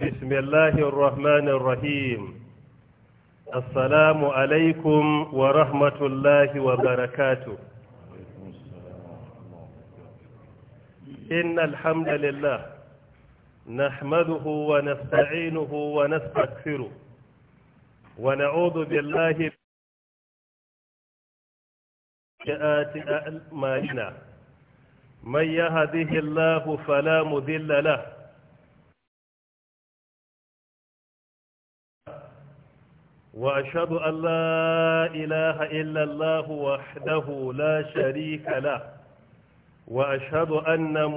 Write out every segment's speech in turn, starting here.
بسم الله الرحمن الرحيم السلام عليكم ورحمة الله وبركاته إن الحمد لله نحمده ونستعينه ونستغفره ونعوذ بالله من يهده الله فلا مذل له وأشهد أن لا إله إلا الله وحده لا شريك له وأشهد أن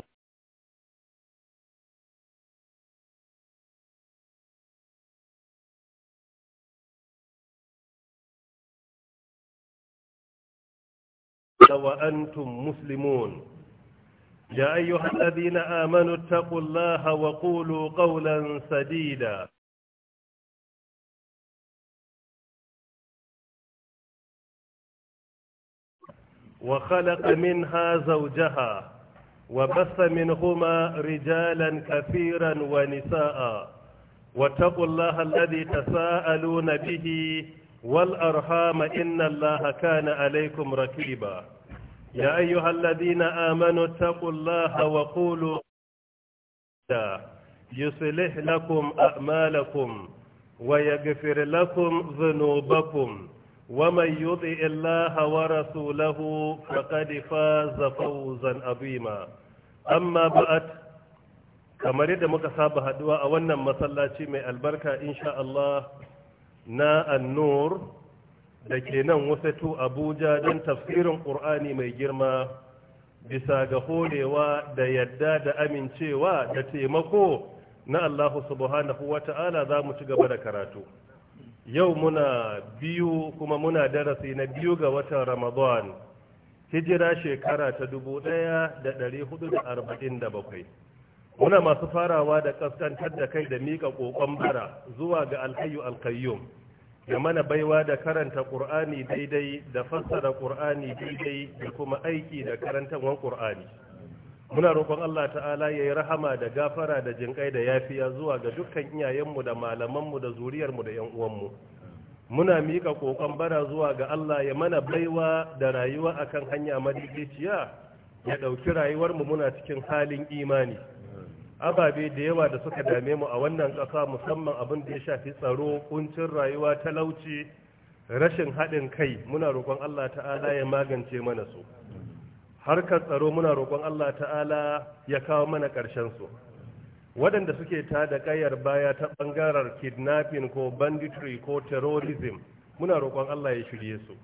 وأنتم مسلمون يا أيها الذين آمنوا اتقوا الله وقولوا قولا سديدا وخلق منها زوجها وبث منهما رجالا كثيرا ونساء واتقوا الله الذي تساءلون به والأرحام إن الله كان عليكم ركيبا يا أيها الذين آمنوا اتقوا الله وقولوا يصلح لكم أعمالكم ويغفر لكم ذنوبكم ومن يطع الله ورسوله فقد فاز فوزا عظيما أما بعد kamar yadda muka saba haɗuwa a wannan masallaci mai albarka insha Allah na annur da ke nan wasatu abuja don tafsirin ƙur'ani mai girma bisa ga horewa da yadda da amincewa da taimako na allahu subhanahu wa ta'ala za mu ci gaba da karatu yau muna biyu kuma muna darasi na biyu ga watan ramadan hijira shekara ta dubu ɗaya da ɗari da arba'in da bakwai. muna masu farawa da kaskantar da kai da miƙa ƙoƙon bara zuwa ga alhayu alkayyum da mana baiwa da karanta ƙur'ani daidai da fassara ƙur'ani daidai da kuma aiki da karantawan ƙur'ani muna roƙon Allah ta'ala ya yi rahama da gafara da jinƙai da yafiya zuwa ga dukkan iyayenmu da malamanmu da zuriyarmu da 'yan uwanmu muna mika ƙoƙon bara zuwa ga Allah ya mana baiwa da rayuwa akan hanya madidiciya ya ɗauki rayuwarmu muna cikin halin imani ababe da yawa da suka dame mu a wannan ƙasa musamman abin da ya shafi tsaro kuncin rayuwa talauci rashin haɗin kai muna roƙon Allah ta'ala ya magance mana su harkar tsaro muna roƙon Allah ta'ala ya kawo mana ƙarshen su waɗanda suke ta da ƙayar baya ta ɓangarar kidnapping ko banditry ko terrorism muna roƙon Allah ya shirye su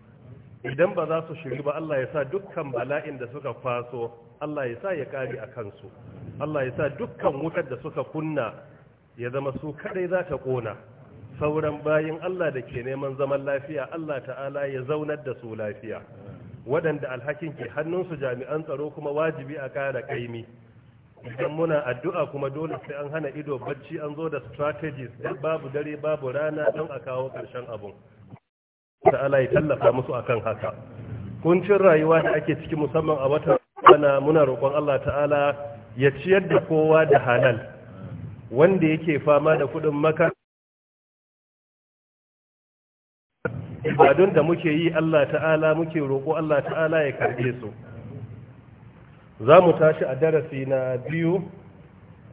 idan ba za su shiri ba Allah ya sa dukkan bala'in da suka faso Allah ya sa ya kare a kansu Allah ya sa dukkan wutar da suka kunna ya zama su kadai za ta ƙona sauran bayin Allah da ke neman zaman lafiya Allah ta'ala ya zaunar da su lafiya waɗanda alhakin ke hannunsu jami'an tsaro kuma wajibi a kara kaimi idan muna addu'a kuma dole sai an hana ido bacci an zo da strategies da babu dare babu rana don a kawo ƙarshen abun ta'ala ya tallafa musu akan haka kuncin rayuwa da ake ciki musamman a watan rana muna roƙon Allah ta'ala ya ciyar da kowa da halal wanda yake fama da kuɗin maka ibadun da muke yi Allah ta'ala muke roƙo Allah ta'ala ya karɓe su za mu tashi a darasi na biyu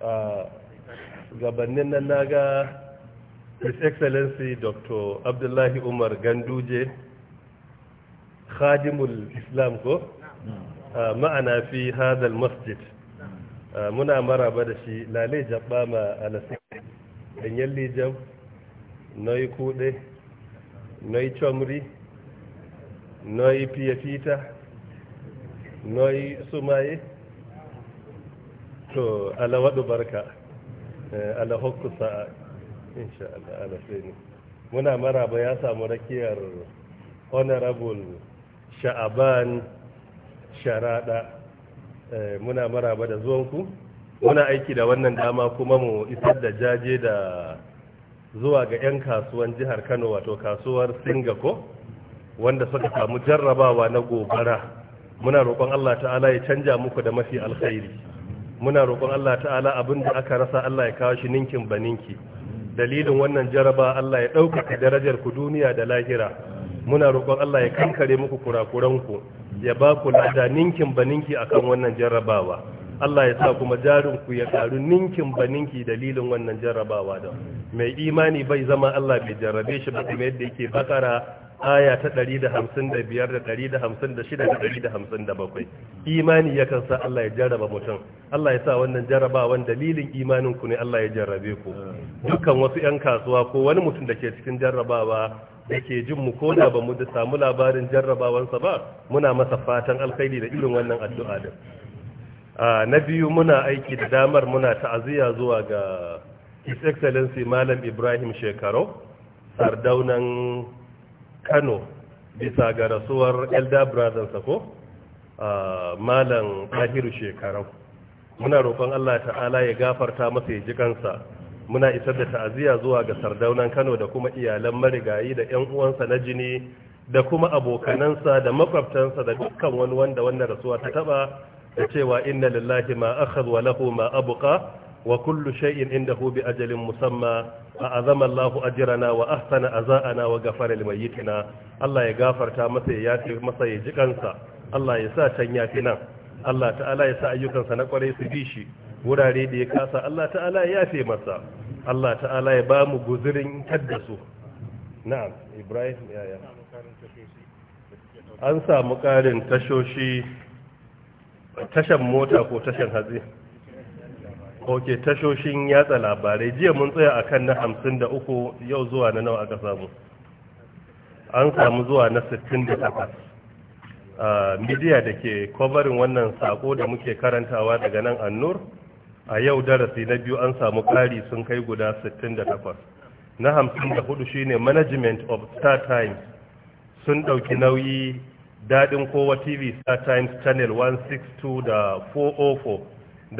a gabanin nan naga his excellency dr abdullahi umar ganduje khadimul islam ko ma'ana fi hadal masjid muna maraba da shi lalai jabba ma alasai ɗanyen na yi kuɗe na yi comri na yi fiyafita na yi sumaye to ala waɗu barka ala eh, alahokku sa'a insha Allah ne muna maraba ya samu rakiyar honorable sha'aban sharaɗa eh, muna maraba da zuwanku muna aiki da wannan dama kuma mu isar da jaje da zuwa ga 'yan kasuwan jihar kano wato kasuwar singapore wanda suka samu jarrabawa na gobara muna roƙon allah ta'ala ya canja muku da mafi alkhairi muna roƙon allah ta'ala abin da aka rasa allah ya kawo shi ninkin baninki dalilin wannan jaraba allah ya ɗaukaka darajar ku duniya da lahira muna roƙon allah ya kankare muku kurakuranku ya ba ku lada ninkin baninki akan wannan jarrabawa Allah ya sa kuma jarinku ya karu ninkin ba ninki dalilin wannan jarrabawa da mai imani bai zama Allah bai jarrabe shi ba kuma yadda yake bakara aya ta 155 da 156 da 157 imani yakan sa Allah ya jarraba mutum Allah ya sa wannan jarrabawan dalilin imanin ku ne Allah ya jarrabe ku dukkan wasu 'yan kasuwa ko wani mutum da ke cikin jarrabawa da ke jin mu ko da ba mu da samu labarin jarrabawansa ba muna masa fatan alkhairi da irin wannan addu'a din Ah, na biyu muna aiki da damar muna ta'aziyya zuwa ga his excellency malam ibrahim shekaro sardaunan kano bisa ga rasuwar elder brothers ko ah, malam Tahiru shekaro muna roƙon allah ta'ala ya gafarta masa ya ji kansa muna isar da ta'aziyya zuwa ga sardaunan kano da kuma iyalan marigayi da 'yan uwansa na jini da kuma abokanansa da makwabtansa da dukkan wani wanda wannan rasuwa ta taba da cewa inna lillahi ma akhadha wa lahu ma abqa wa kullu shay'in indahu bi ajalin musamma a azama Allahu ajrana wa ahsana aza'ana wa ghafara limayyitina Allah ya gafarta masa ya yafi masa ya ji kansa Allah ya sa can fi nan Allah ta'ala ya sa ayyukansa na kwarai su bi shi wurare da ya kasa Allah ta'ala ya yafe masa Allah ta'ala ya ba mu guzurin tadda su na'am Ibrahim yaya an samu karin tashoshi tashan mota ko tashan hatsi ok tashoshin yatsa labarai jiya mun tsaya a kan na hamsin yau zuwa na nawa aka samu an samu zuwa na sittin da takwas midiya da ke kwabarin wannan sako da muke karantawa daga nan annur a yau darasi na biyu an samu kari sun kai guda 68 na 54 shine management of star time sun ɗauki nauyi daɗin kowa tv star times channel 162 da 404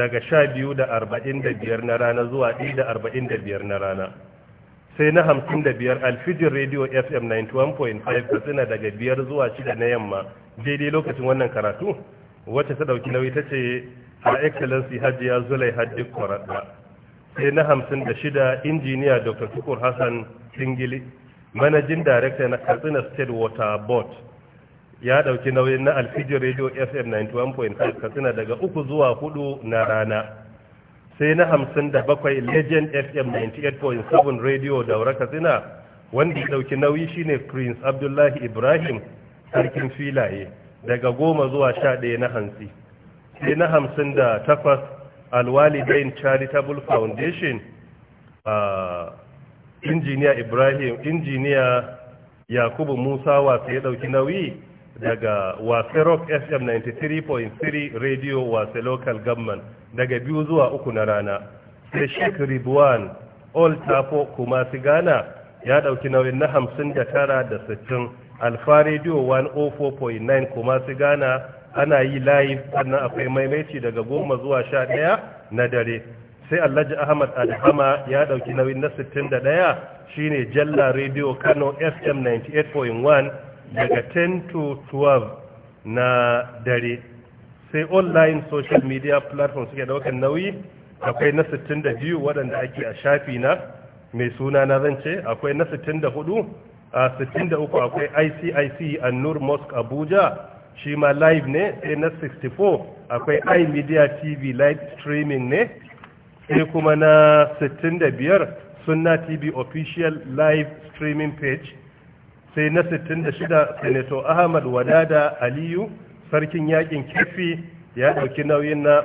daga sha biyu da arba'in da biyar na rana zuwa ɗaya da arba'in da biyar na rana sai na hamsin da biyar alfijin radio fm 91.5 katsina daga biyar zuwa 6 na yamma daidai lokacin wannan karatu wacce ta ɗauki nauyi ta ce a excellency hajiya zulai hajji kwaradda sai na hamsin da shida injiniya dr tukur hassan singili manajin director na katsina state water board ya ɗauki nauyin na alfijir radio fm 91.5 katsina daga uku zuwa hudu na rana sai na hamsin da bakwai legend fm 98.7 radio daura katsina wanda ya ɗauki nauyi shine prince abdullahi ibrahim sarkin filaye daga goma zuwa sha ɗaya na hansi sai na hamsin da takwas alwalidain charitable foundation injiniya ibrahim injiniya yakubu musa wasu ya ɗauki nauyi daga wase rock fm 93.3 radio wase local government daga biyu zuwa uku na rana sai sheikh ribuwan all tapo kuma sigana ya dauki nauyin na hamsin da tara da sittin alfa radio 104.9 kuma sigana ana yi layi sannan akwai maimaici daga goma zuwa sha ɗaya na dare sai alhaji ahmad alhama ya dauki nauyin na da 61 shine jalla radio kano fm 98.1 daga 10 to 12 na dare sai online social media platform suke daukan nauyi akwai na 62 waɗanda ake a shafi na mai suna na zance akwai na 64 a 63 akwai ICIC a Nur Mosque Abuja shi ma live ne sai na 64 akwai iMedia TV live streaming ne sai kuma na 65 Sunna TV official live streaming page sai na 66 senator ahmad wadada aliyu sarkin yakin kefi ya dauki nauyin na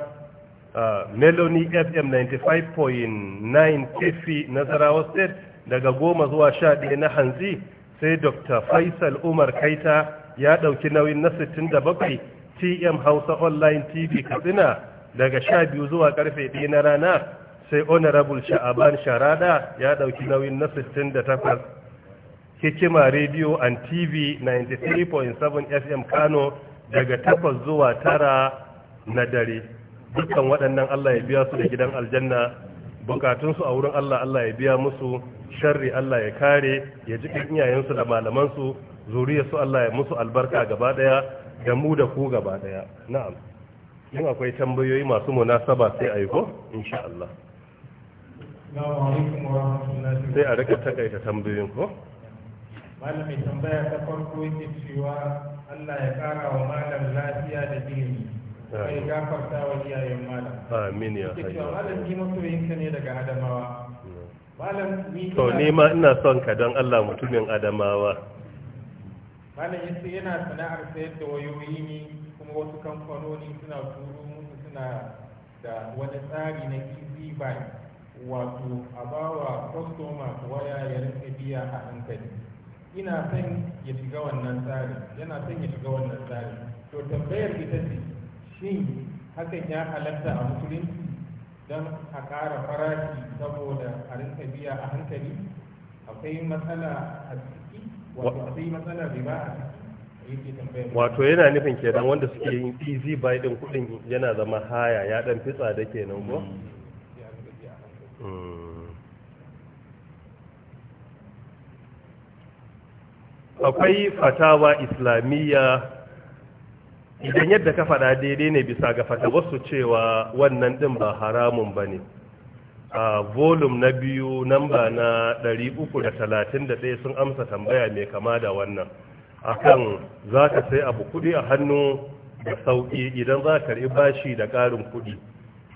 meloni fm 95.9 kefi nasarawa state daga goma zuwa sha ɗaya na hanzi sai dr faisal umar kaita ya ɗauki nauyin na 67 tm hausa online tv katsina daga sha biyu zuwa karfe ɗaya na rana sai honorable sha'aban sharada ya ɗauki nauyin na 68 hikima radio and tv 93.7 fm kano daga takwas zuwa tara na dare dukkan waɗannan allah ya biya su da gidan aljanna bukatunsu a wurin allah allah ya biya musu sharri allah ya kare ya ji iyayensu da malamansu su allah ya musu albarka gaba ɗaya da mu da ku gaba ɗaya na'am yin akwai tambayoyi masu munasaba sai a yi ko insha allah sai a rika takaita tambayoyin ko Malam ya tambaya ta farko yake cewa Allah ya kara wa malam lafiya da ilimi sai gafarta wa iyayen malam amin ya hayya cewa malam ni ka ne daga adamawa malam ni to ni ma ina son ka don Allah mutumin adamawa malam yace yana sana'ar sayar da wayoyi ne kuma wasu kamfanoni suna turo musu suna da wani tsari na easy buy wato a bawa waya ya rinka biya a hankali ina son ya shiga wannan tsari. yana son ya shiga wannan tsari. to tambayar ita ce shin hakan ya halatta a musulunci don a ƙara farashi saboda a rinka biya a hankali akwai matsala a ciki wato akwai matsala riba a ciki wato yana nufin kenan wanda suke yin easy buy din kudin yana zama haya ya dan fitsa da kenan ko akwai fatawa islamiyya idan yadda ka faɗa daidai ne bisa ga fatawarsu cewa wannan ɗin ba haramun ba ne a volume na biyu namba na 331 sun amsa tambaya mai kama da wannan akan za ka sai abu kuɗi a hannu da sauƙi idan za ka bashi da ƙarin kuɗi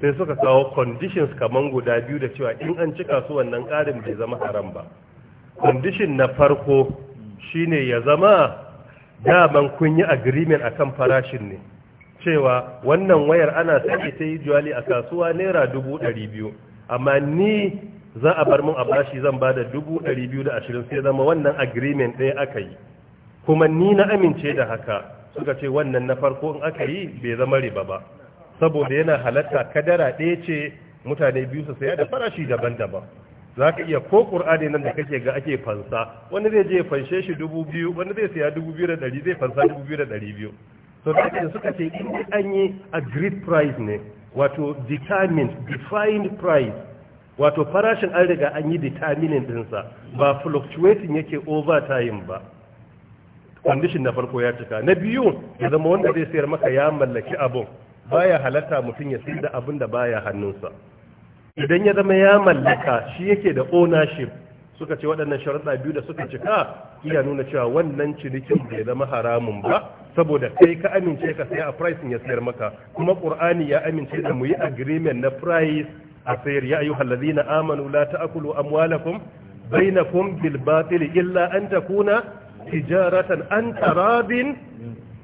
sai suka kawo conditions kaman guda biyu da cewa in an cika su wannan ƙarin bai zama haram ba condition na farko shine ya zama daman kun yi agreement kan farashin ne cewa wannan wayar ana sake ta yi juwali a kasuwa naira dubu ɗari biyu amma ni za a bar mun a bashi zan ba da dubu ɗari biyu da ashirin sai zama wannan agreement ɗaya aka yi kuma ni na amince da haka suka ce wannan na farko in aka yi bai zama riba ba saboda yana halatta kadara ɗaya ce mutane biyu su saya da farashi daban-daban za ka iya ko ƙur'ani nan da kake ga ake fansa wani zai je fanshe shi dubu biyu wani zai saya dubu biyu da ɗari zai fansa dubu biyu da ɗari biyu so da ake suka ce in an yi great price ne wato determined defined price wato farashin an riga an yi determining ɗinsa ba fluctuating yake over time ba condition na farko ya cika na biyu ya zama wanda zai sayar maka ya mallaki abun baya halatta mutum ya sayar da abin da baya hannunsa idan ya zama ya mallaka shi yake da ownership suka ce waɗannan sharaɗa biyu da suka cika iya nuna cewa wannan cinikin bai zama haramun ba saboda kai ka amince ka saya a pricing ya sayar maka kuma qur'ani ya amince da mu yi agreement na price a sayar ya ayyuhal ladina amanu la ta'kulu amwalakum bainakum bil batil illa an takuna tijaratan an taradin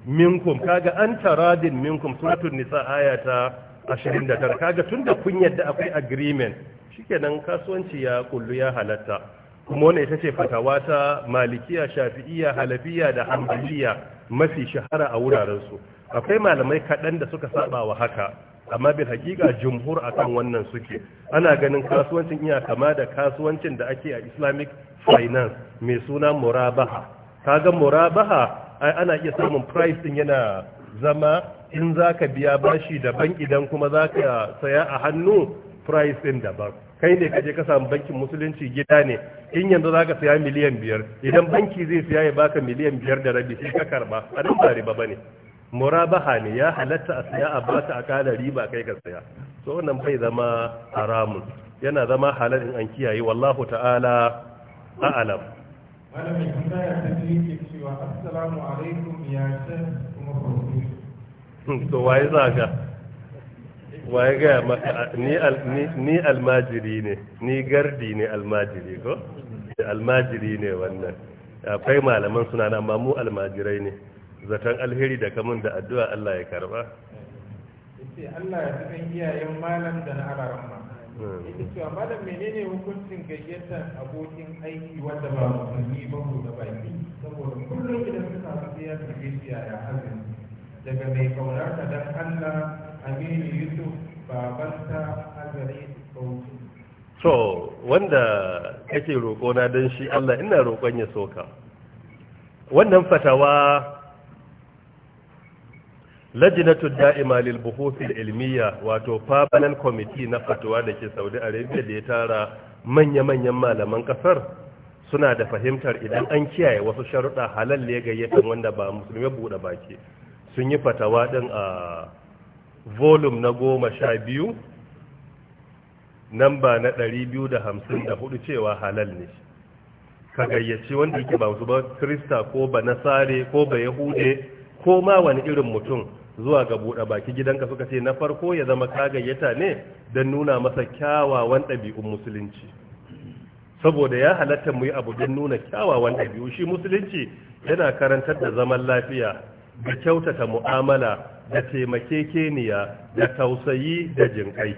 minkum kaga an taradin minkum suratul nisa ayata Ashirin 29 kaga tunda kun yadda akwai agreement shikenan kasuwanci ya kullu ya halatta kuma wannan ita ce fatawa ta malikiya shafi'iya halafiya da hanbaliya mafi shahara a wuraren su akwai malamai kaɗan da suka saba wa haka amma bil hakika jumhur akan wannan suke ana ganin kasuwancin iya kama da kasuwancin da ake a islamic finance mai suna murabaha kaga murabaha ai ana iya samun price din yana zama in za ka biya bashi daban idan kuma za ka saya a hannu price ɗin daban kai ne kaje ka samu bankin musulunci gida ne in yanzu za ka saya miliyan biyar idan banki zai saya ya baka miliyan biyar da rabi sai ka karba a nan ba riba bane murabaha ne ya halatta a saya a baka a kada riba kai ka saya so wannan bai zama haramun yana zama halal in an kiyaye wallahu ta'ala a'lam malamin cewa assalamu alaikum ya kuma to waye za ka, waye gaya maka ni almajiri ne ni gardi ne almajiri ko almajiri ne wannan akwai malaman suna nan amma mu almajirai ne zaton alheri da kamun da addu'a Allah ya karba sai Allah ya san iyayen malam da na araramma hmm. yace cewa malam menene hukuncin gayyata abokin aiki wanda ba musulmi ba ko da baki saboda kullum idan suka san ya tafi ya hazin daga mai kaunarta don Allah Aminu Yusuf babanta Azari To, wanda kake roƙona don shi Allah ina roƙon ya soka. Wannan fatawa lajinatu da'ima lil buhuthil ilmiya wato permanent committee na fatawa da ke Saudi Arabia da ya tara manya-manyan malaman kasar suna da fahimtar idan an kiyaye wasu sharuɗa halal ne gayyatan wanda ba musulmi buɗe baki. sun yi fatawa ɗin a volume na goma sha biyu namba na ɗari biyu da hamsin da hudu cewa halal ne ka gayyaci wanda yake ba su ba krista ko ba nasare ko ba yahude ko ma wani irin mutum zuwa ga buɗe baki gidanka suka ce na farko ya zama ka gayyata ne don nuna masa kyawawan ɗabi'un musulunci saboda ya halatta mu yi abu don nuna kyawawan ɗabi'u shi musulunci yana karantar da zaman lafiya da kyautata mu'amala da taimakekeniya da tausayi da jinkai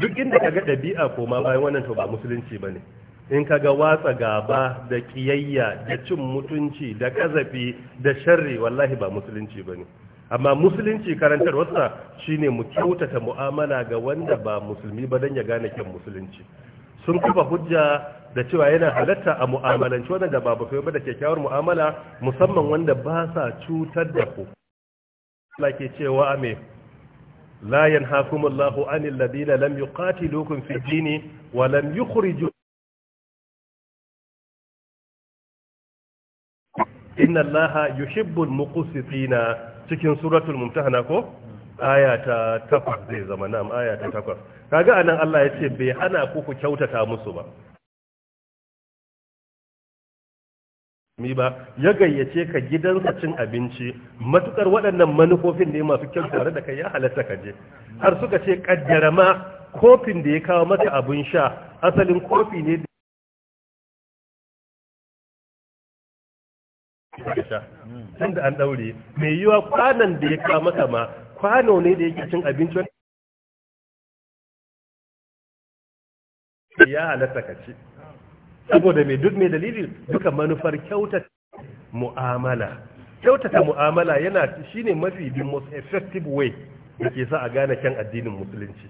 duk inda kaga ɗabi'a koma bayan wannan to ba musulunci bane in kaga watsa gaba da kiyayya da cin mutunci da kazafi da sharri wallahi ba musulunci bane amma musulunci karantar karantarwarsa shine mu kyautata mu'amala ga wanda ba musulmi ba dan ya gane kyan musulunci sun kufa hujja da cewa yana halatta a mu'amalanci wadanda ba ba ba da kyakkyawar mu'amala musamman wanda ba sa cutar da ku Allah ke cewa ame la yanhaakumullahu anil ladina lam yuqatilukum fi dini wa lam yukhrijukum inna allaha yuhibbul muqsitina cikin suratul mumtahana ko aya ta takwas zai zama nan aya ta takwas kaga anan Allah ya ce bai hana ku ku kyautata musu ba mi ba ya gayyace ka gidansa cin abinci matukar waɗannan manufofin ne masu kyau tare da kai ya halatta ka je har suka ce kaddara ma kofin da ya kawo maka abin sha asalin kofi ne da an daure mai yiwa kwanan da ya kawo maka ma kwano ne da yake cin abinci ya halatta ka ci saboda mai duk mai dalili duka manufar kyautata mu'amala kyautata mu'amala yana shine mafi the most effective way da ke sa a gane kyan addinin musulunci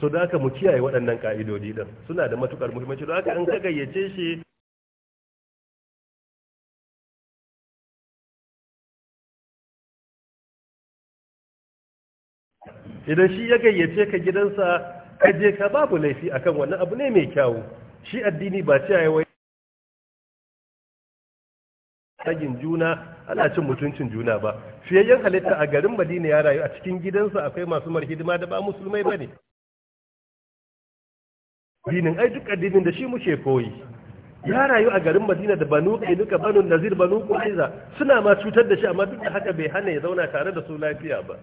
so da aka mu kiyaye waɗannan ka'idodi din suna da matukar muhimmanci don haka an ka gayyace shi idan shi ya gayyace ka gidansa ka je ka babu laifi akan wannan abu ne mai kyawu shi addini ba ce wai tagin juna ana cin mutuncin juna ba fiyayyen halitta a garin madina ya rayu a cikin gidansa akwai masu marhidima da ba musulmai ba ne dinin ai duk addinin da shi muke koyi ya rayu a garin madina da banu kainuka banu nazir banu kuaiza suna ma cutar da shi amma duk da haka bai hana ya zauna tare da su lafiya ba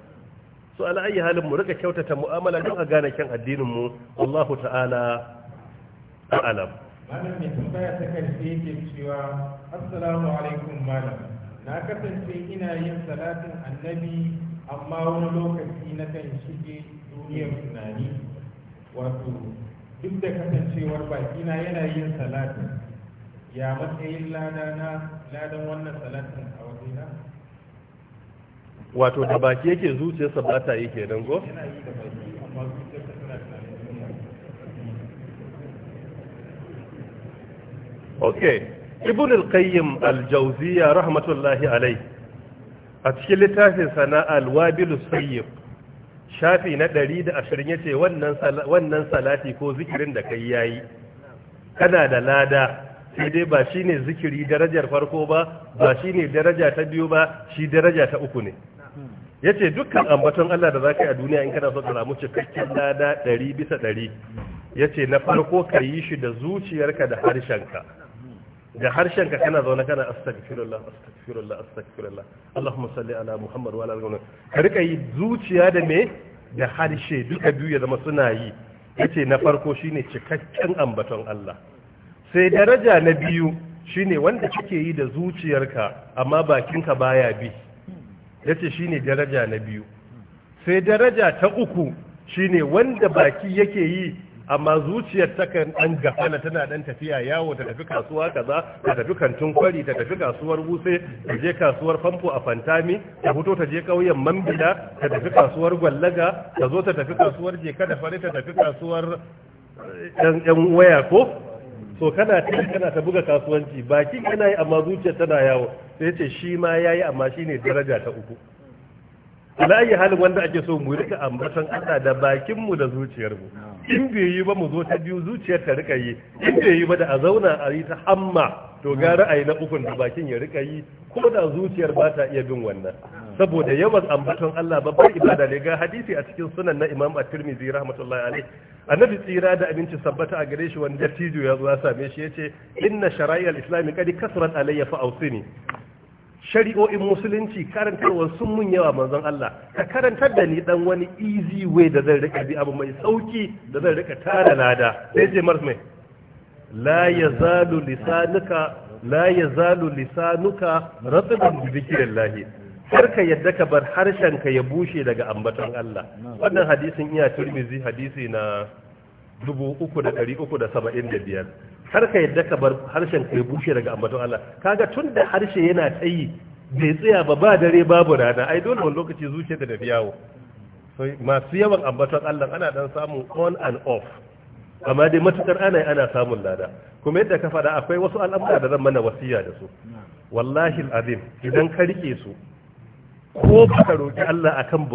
so ala ayi halin mu rika kyautata mu'amala don a gane kyan addinin mu Allahu ta'ala a'lam malam mai tambaya ta karshe yake cewa assalamu alaikum malam na kasance ina yin salatin annabi amma wani lokaci na kan shige duniyar tunani wato duk da kasancewar bakina yana yin salatin ya matsayin lada na ladan wannan salatin a wato da baki yake zuciyarsa ba ta yi nan go? ok ibn al-qayyim rahmatullahi alai a cikin littafin sana al-wabil sayyib shafi na ɗari da 120 yace wannan wannan salati ko zikirin da kai yayi kana da lada sai dai ba shine zikiri darajar farko ba ba shine daraja ta biyu ba shi daraja ta uku ne ya ce dukkan ambaton Allah da za ka yi a duniya in kana so ka samu cikakken lada ɗari bisa ɗari ya ce na farko ka yi shi da zuciyarka da harshenka da harshenka kana zaune kana astagfirullah astagfirullah astagfirullah Allahumma salli ala Muhammad wa ala ka rika yi zuciya da me da harshe duka biyu ya zama suna yi yace na farko shine cikakken ambaton Allah sai daraja na biyu shine wanda kake yi da zuciyarka amma bakinka baya bi Ya ce shi ne daraja na biyu sai daraja ta uku shine wanda baki yake yi amma zuciyar takan ɗan gafala tana ɗan tafiya yawo ta tafi kasuwa kaza ta tafi kantin kwari ta tafi kasuwar wuse ta je kasuwar famfo a fantami ta fito ta je kauyen mambila ta tafi kasuwar gwallaga ta zo ta tafi kasuwar jeka da fari ta tafi kasuwar eh, ɗan waya ko so kana ta kana ta buga kasuwanci baki kana yi amma zuciya tana yawo sai ce shi ma yayi amma shine daraja ta uku ala yi halin wanda ake so mu rika ambaton Allah da bakin mu da zuciyar mu in bai yi ba mu zo ta biyu zuciyar ta rika yi in bai yi ba da a zauna a yi ta hamma to ga ra'ayi na ukun da bakin ya rika yi ko da zuciyar ba ta iya bin wannan saboda yawan ambaton Allah babbar ibada ne ga hadisi a cikin sunan na Imam At-Tirmidhi rahmatullahi alaihi annabi tsira da abinci sabbata a gare shi wanda tijo ya zo ya same shi yace inna shara'il islami qad kasrat alayya fa awsini shari'o'in musulunci karantarwar sun mun yawa manzon Allah ka karantar da ni dan wani easy way da zan rika bi abu mai sauki da zan rika tara lada sai ce mars mai la yazalu lisanuka la yazalu lisanuka ratban bi har ka yadda ka bar harshen ka ya bushe daga ambaton Allah wannan hadisin iya turmizi hadisi na 3375 har ka yadda ka bar harshen kai bushe daga ambaton Allah kaga tun da harshe yana tsayi bai tsaya ba ba dare babu rana ai dole wani lokaci zuce da yawo so masu yawan ambaton Allah ana dan samun on and off amma dai matukar ana ana samun lada kuma yadda ka faɗa akwai wasu al'amura da zan mana wasiya da su wallahi alazim idan ka rike su ko ka roki Allah akan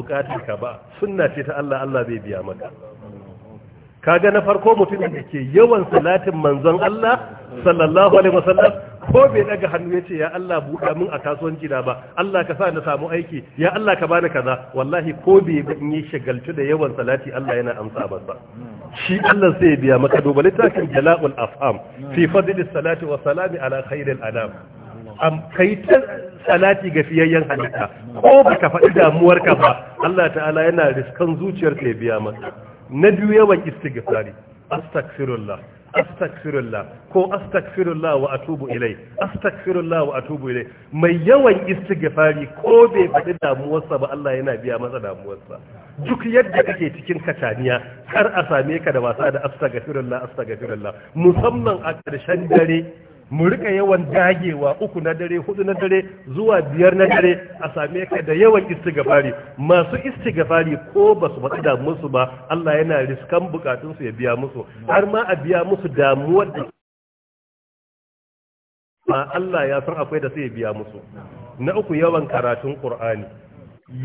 ka ba sunna ce ta Allah Allah zai biya maka kaga na farko mutumin da ke yawan salatin manzon Allah sallallahu alaihi wasallam ko bai daga hannu ya ce ya Allah buɗa min a kasuwanci da ba Allah ka sa na samu aiki ya Allah ka bani kaza wallahi ko bai ba in yi shagaltu da yawan salati Allah yana amsa ba shi Allah sai ya biya maka duba littafin jala'ul afham fi fadli salati wa salami ala khairil anam am kai ta salati ga fiyayyen halitta ko baka faɗi damuwarka ba Allah ta'ala yana riskan zuciyar ya biya maka na biyu yawan istighfari astaghfirullah astaghfirullah ko astaghfirullah wa atubu ilai astaghfirullah wa atubu ilai mai yawan istighfari ko bai faɗi damuwarsa ba Allah yana biya masa damuwarsa duk yadda kake cikin kataniya har a same ka da wasa da astaghfirullah astaghfirullah musamman a ƙarshen dare mu rika yawan dagewa uku na dare hudu na dare zuwa biyar na dare a same ka da yawan istigafari masu istigafari ko ba su faɗi musu ba Allah yana riskan su ya biya musu har ma a biya musu damuwar da ma Allah ya san akwai da su ya biya musu na uku yawan karatun Qur'ani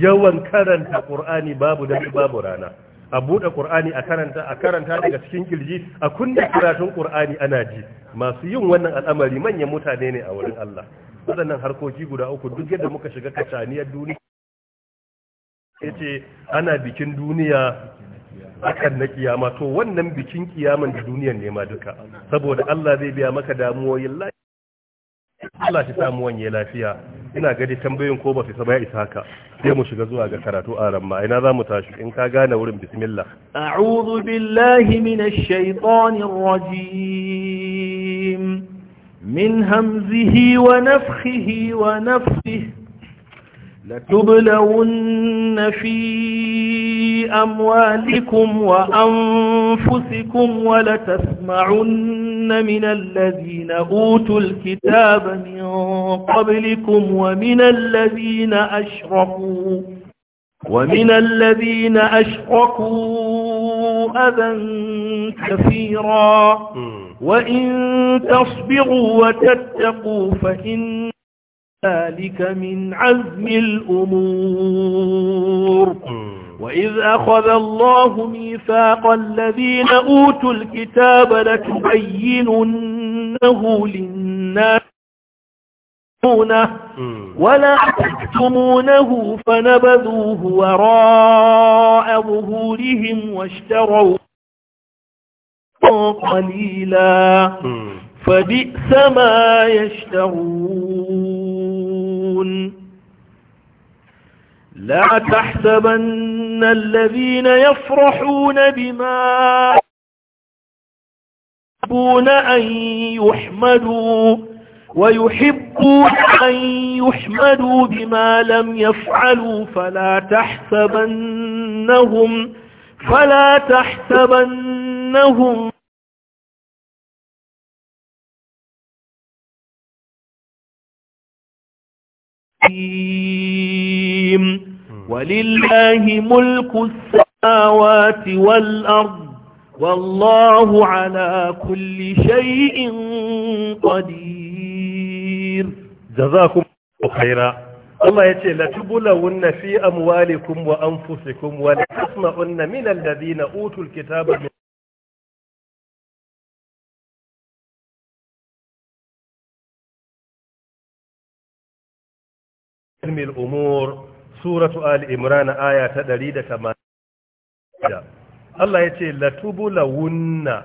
yawan karanta Qur'ani babu dare babu rana a buɗe ƙur'ani a karanta a karanta daga cikin kirji a kunna karatun ƙur'ani ana ji masu yin wannan al'amari manyan mutane ne a wurin Allah waɗannan harkoki guda uku duk yadda muka shiga kacaniyar duniya yace ana bikin duniya akan na kiyama to wannan bikin kiyaman da duniyar ne ma duka saboda Allah zai biya maka damuwoyin Allah shi samu wanye lafiya ina gadi tambayoyin ko ba su saba ya isa haka sai mu shiga zuwa ga karatu a ramma ina za mu tashi in ka gane wurin bismillah a'udhu billahi minash shaitanir rajim min hamzihi wa nafthihi wa nafthihi لتبلون في أموالكم وأنفسكم ولتسمعن من الذين أوتوا الكتاب من قبلكم ومن الذين أشركوا ومن الذين أشركوا أذى كثيرا وإن تصبروا وتتقوا فإن ذلك من عزم الأمور وإذ أخذ الله ميثاق الذين أوتوا الكتاب لتبيننه للناس ولا تكتمونه فنبذوه وراء ظهورهم واشتروا قليلا فبئس ما يشترون يعلمون لا تحسبن الذين يفرحون بما يحبون أن يحمدوا ويحبون أن يحمدوا بما لم يفعلوا فلا تحسبنهم فلا تحسبنهم الرحيم ولله ملك السماوات والأرض والله على كل شيء قدير جزاكم خيرا الله يتي لتبلون في أموالكم وأنفسكم ولتسمعن من الذين أوتوا الكتاب من علم الأمور سورة آل إمران آية تدريد كما Allah ya ce latubulawunna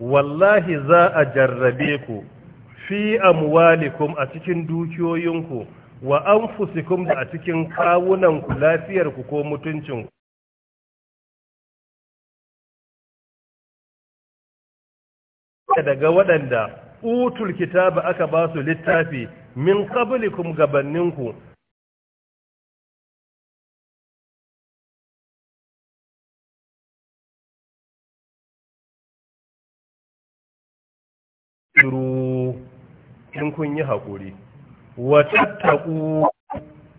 wallahi za a jarrabe ku fi amwalikum a cikin dukiyoyinku wa anfusikum da a cikin kawunanku lafiyarku ko mutuncinku daga waɗanda utul kitaba aka ba su littafi min qablikum gabaninku shiru in kun yi haƙuri wa tattaku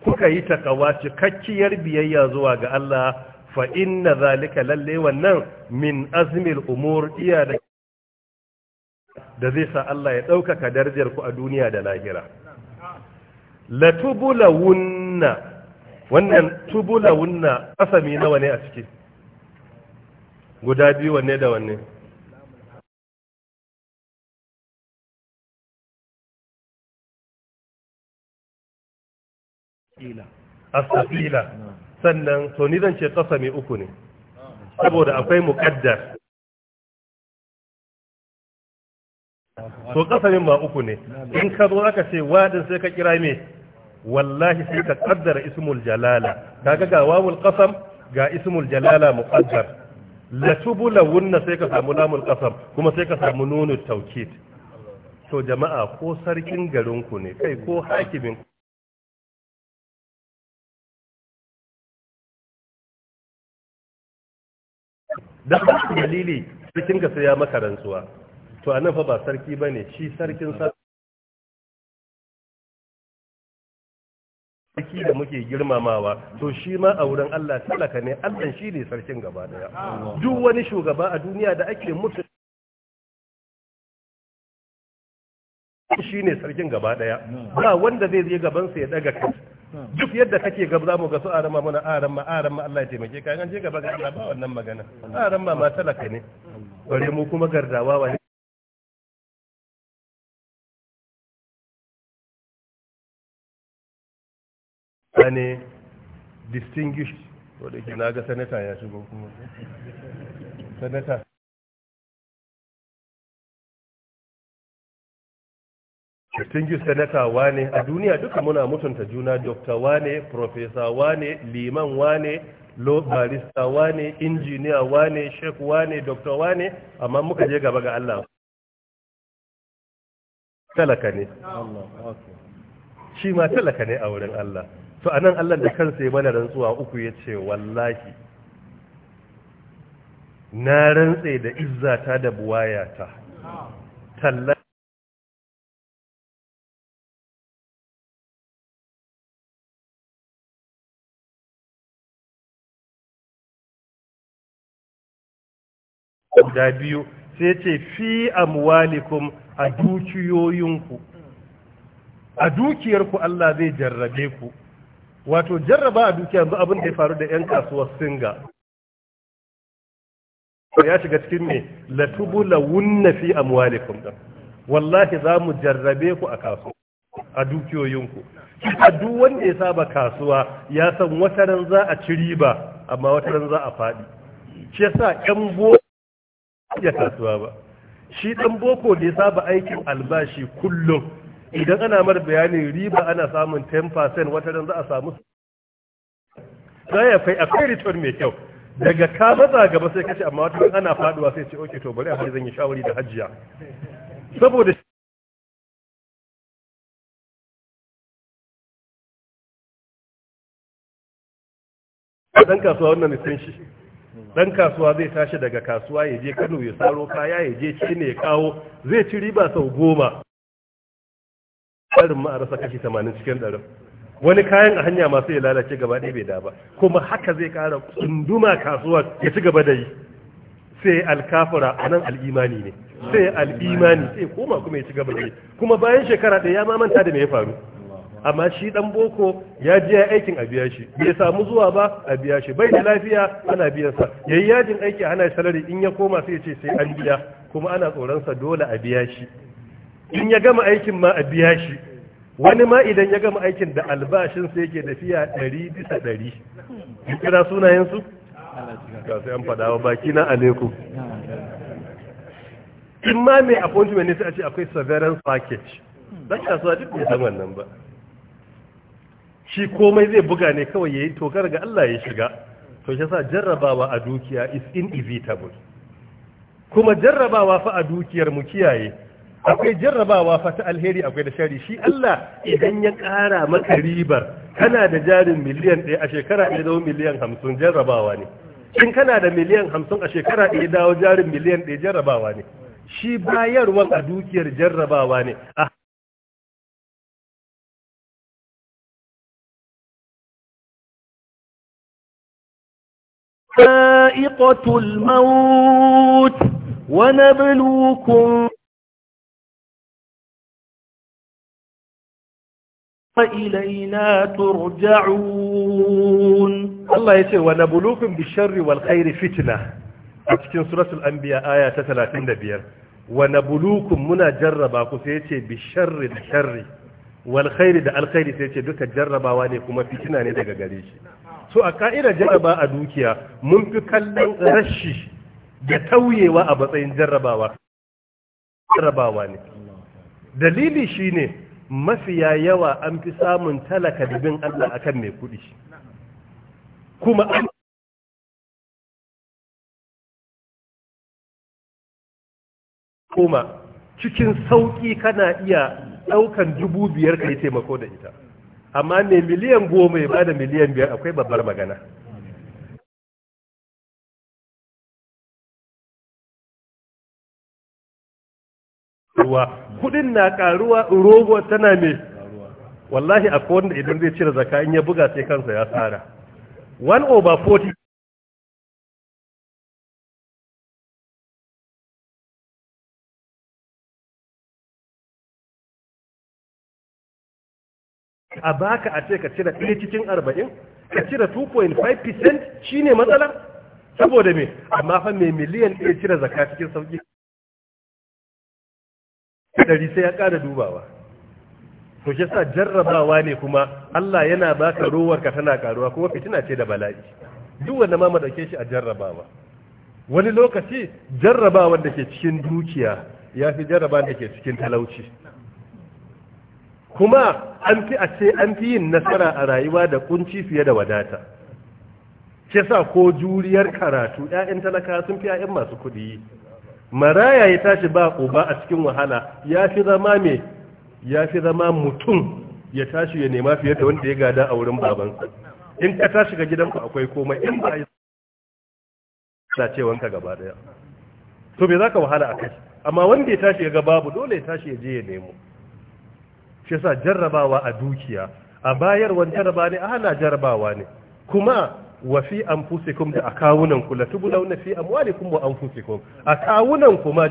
kuka yi takawa cikakkiyar biyayya zuwa ga Allah fa inna zalika lalle wannan min azmil umur iya da da zai sa Allah ya ɗaukaka darajar ku a duniya da lahira latubulawunna wannan tubulawunna asami nawa ne a ciki guda biyu wanne da wanne asafila sannan to ni zan ce kasami uku ne saboda akwai muqaddar to kasamin ma uku ne in ka zo aka ce wadin sai ka kira me wallahi sai ka kaddara ismul jalala kaga ga wawul qasam ga ismul jalala muqaddar la tubula wunna sai ka samu lamul qasam kuma sai ka samu nunu tawkid to jama'a ko sarkin garinku ne kai ko hakimin da haka dalili sarkin ka sai ya maka rantsuwa to anan fa ba sarki bane shi sarkin sarki da muke girmamawa to shi ma a wurin Allah talaka ne Allah shi ne sarkin gaba daya duk wani shugaba a duniya da ake mutu shi ne sarkin gaba daya ba wanda zai je gaban sa ya daga kai duk yadda kake gaba za mu ga su arama muna arama arama Allah ya taimake ka an je gaba ga Allah ba wannan magana arama ma talaka ne bare mu kuma gardawa wa ne distinguished wadda ke na ga sanata ya shigo kuma sanata distinguished senator wane a duniya duka muna mutunta juna dokta wane profesa wane liman wane barista wane injiniya wane shek wane dokta wane amma muka je gaba ga Allah talaka ne shi ma talaka ne a wurin Allah to a nan Allah da kansa ya mana rantsuwa uku ya ce wallahi na rantse da izzata da buwayata ah. tallan guda biyu sai ce fi amwalikum a dukiyoyinku a dukiyarku Allah zai jarrabe ku wato jarraba a dukiya yanzu abin da ya faru da 'yan kasuwar singa ya shiga cikin me latubula wunna fi amwalikum da wallahi za mu jarrabe ku a kasuwa a dukiyoyinku a duk wanda ya saba kasuwa ya san wata ran za a ci riba amma wata ran za a faɗi shi yasa ƴan bo iya kasuwa ba shi ɗan boko ne ya saba aikin albashi kullum idan ana mar bayanin riba ana samun 10% wata ran za a samu za ya fai akwai return mai kyau daga ka matsa gaba sai kace amma wata ana faduwa sai ce okay to bari a bari zan yi shawari da hajjiya saboda dan kasuwa wannan ne shi dan kasuwa zai tashi daga kasuwa ya je Kano ya saro kaya ya je ci ne ya kawo zai ci riba sau goma ƙarin ma kashi tamanin cikin ɗarin wani kayan a hanya masu ya lalace gaba ɗaya bai da ba kuma haka zai ƙara tsunduma kasuwa ya ci gaba da yi sai alkafura a nan al'imani ne sai al'imani sai koma kuma ya ci gaba da yi kuma bayan shekara ɗaya ya mamanta da me ya faru amma shi dan boko ya je ya aikin a biya shi bai samu zuwa ba a biya shi bai da lafiya ana biyan sa yayi yajin aiki ana salari in ya koma sai ya ce sai an biya kuma ana tsoron sa dole a biya shi in ya gama aikin ma a biya shi wani ma idan ya gama aikin da albashin sa yake tafiya ɗari bisa ɗari kira sunayen su ga sai an faɗawa baki na aleku in ma mai appointment ne sai a ce akwai severance package dan kasuwa duk bai san wannan ba shi komai zai buga ne kawai yayi to ga Allah ya shiga to shi yasa jarrabawa a dukiya is inevitable kuma jarrabawa fa a dukiyar mu kiyaye akwai jarrabawa fa ta alheri akwai da shari shi Allah idan ya ƙara maka ribar kana da jarin miliyan ɗaya a shekara ɗaya dawo miliyan hamsin jarrabawa ne in kana da miliyan hamsin a shekara ɗaya dawo jarin miliyan ɗaya jarrabawa ne shi bayarwan a dukiyar jarrabawa ne فائقة الموت ونبلوكم وإلينا ترجعون الله يسير ونبلوكم بالشر والخير فتنة أتكين سورة الأنبياء آية 35 ونبلوكم منا جرباكم سيتي بالشر الشر والخير ده الخير سيتي دوك جربا واني كما فتنة ندق قريش so a ka'idar jaraba a dukiya mun fi kallon rashi da tauyewa a matsayin jarrabawa jarrabawa ne dalili shi ne mafiya yawa an fi samun talaka da bin Allah akan mai kuɗi kuma an kuma cikin sauƙi kana iya ɗaukan dubu biyar ka yi taimako da ita amma mai miliyan goma ya bada miliyan biyar akwai babbar magana Kuɗin kudin na karuwa rogo tana mai wallahi akwai wanda idan zai cire zaka in ya buga sai kansa ya tsara 1 over 40 a baka a ce ka cire ɗaya cikin arba'in ka cire 2.5% shi ne matsala saboda me amma fa mai miliyan ɗaya cire zaka cikin sauƙi ɗari sai ya ƙara dubawa to shi sa jarrabawa ne kuma Allah yana baka rowar ka tana karuwa kuma fitina ce da bala'i duk wanda ma madauke shi a jarrabawa wani lokaci jarrabawa da ke cikin dukiya ya fi jarraba da ke cikin talauci kuma an fi a ce an fi yin nasara a rayuwa da kunci fiye da wadata kisa ko juriyar karatu 'ya'yan talaka sun fi 'ya'yan masu kuɗi maraya ya tashi ba uba a cikin wahala ya fi zama mai ya fi zama mutum ya tashi ya nema fiye da wanda ya gada a wurin babansa in ka tashi ga gidanku akwai komai in ba a yi sacewanka gaba daya to bai za ka wahala a kai amma wanda ya tashi ya ga babu dole ya tashi ya je ya nemo shi yasa jarrabawa a dukiya a bayarwan jarraba ne ana jarrabawa ne kuma wa fi anfusikum da akawunan ku la tubuluna fi amwalikum wa anfusikum akawunan ku kuma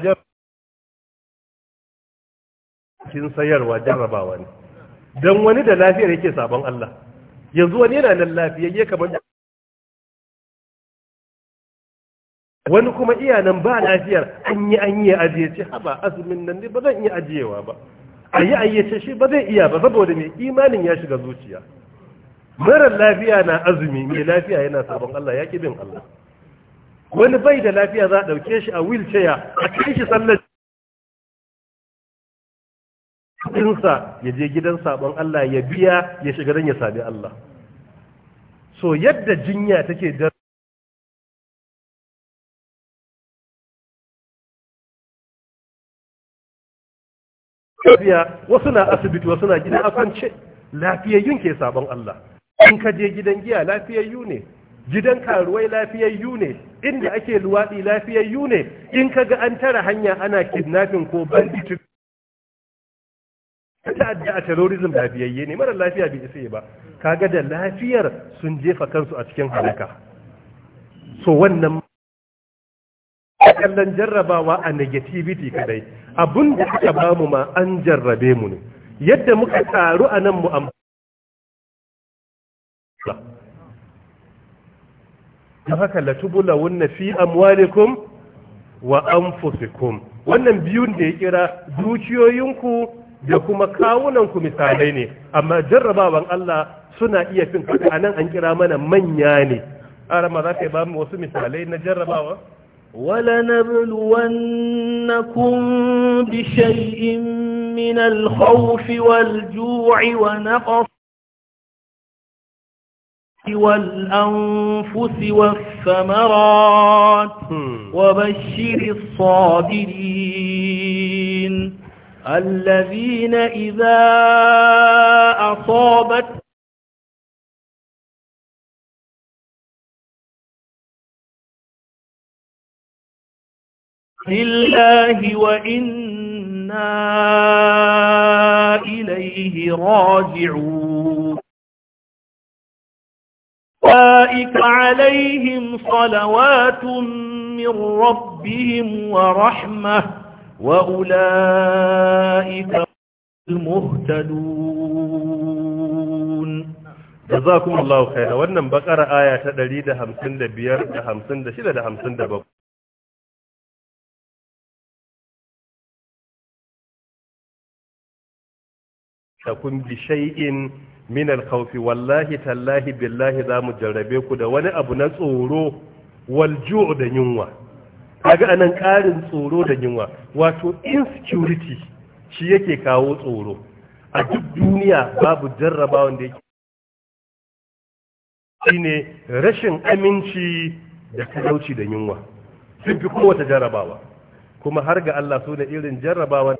kin sayarwa jarrabawa ne dan wani da lafiyar yake sabon Allah yanzu wani yana nan lafiyayye kamar wani kuma iyanan ba lafiyar an yi an yi ajiye ce haba azumin nan ne ba zan iya ajiyewa ba a yi ayyace shi ba zai iya ba saboda mai imanin ya shiga zuciya Mara lafiya na azumi mai lafiya yana sabon Allah ya bin Allah wani bai da lafiya za a ɗauke shi a wilcaya a kai shi sallar ɗinsa ya je gidan sabon Allah ya biya ya shiga don ya sami Allah so yadda jinya take da lafiya wasu na asibiti wasu na gida a lafiyayyun ke sabon Allah in ka je gidan giya lafiyayyu ne gidan karuwai lafiyayyu ne inda ake luwaɗi lafiyayyu ne in ka ga an tara hanya ana kidnapping ko banditry ta ta'adda a terrorism lafiyayye ne mara lafiya bai isa ba kaga da lafiyar sun jefa kansu a cikin halaka so wannan kallon jarrabawa a negativity kadai Abin da aka ba mu ma an jarrabe mu ne yadda muka taru a nan mu amfani haka latubula wunna fi amwalikum wa anfusikum wannan biyun da ya kira dukiyoyinku da kuma kawunanku misalai ne amma jarrabawan Allah suna iya fin kaka nan an kira mana manya ne arama za ka yi ba mu wasu misalai na jarrabawa ولنبلونكم بشيء من الخوف والجوع ونقص والأنفس والثمرات hmm. وبشر الصابرين الذين إذا أصابت لله وإنا إليه راجعون أولئك عليهم صلوات من ربهم ورحمة وأولئك المهتدون جزاكم الله خيرا ونم بقرة آية تدريد حمسن دبير حمسن دشير سند دبير takun bi shay'in min al-khawfi wallahi tallahi billahi za mu jarrabe ku da wani abu na tsoro wal ju'u da yunwa kaga anan karin tsoro da yunwa wato insecurity shi yake kawo tsoro a duk duniya babu jarrabawan da yake shine rashin aminci da talauci da yunwa sun fi kowace jarrabawa kuma har ga Allah so da irin jarrabawa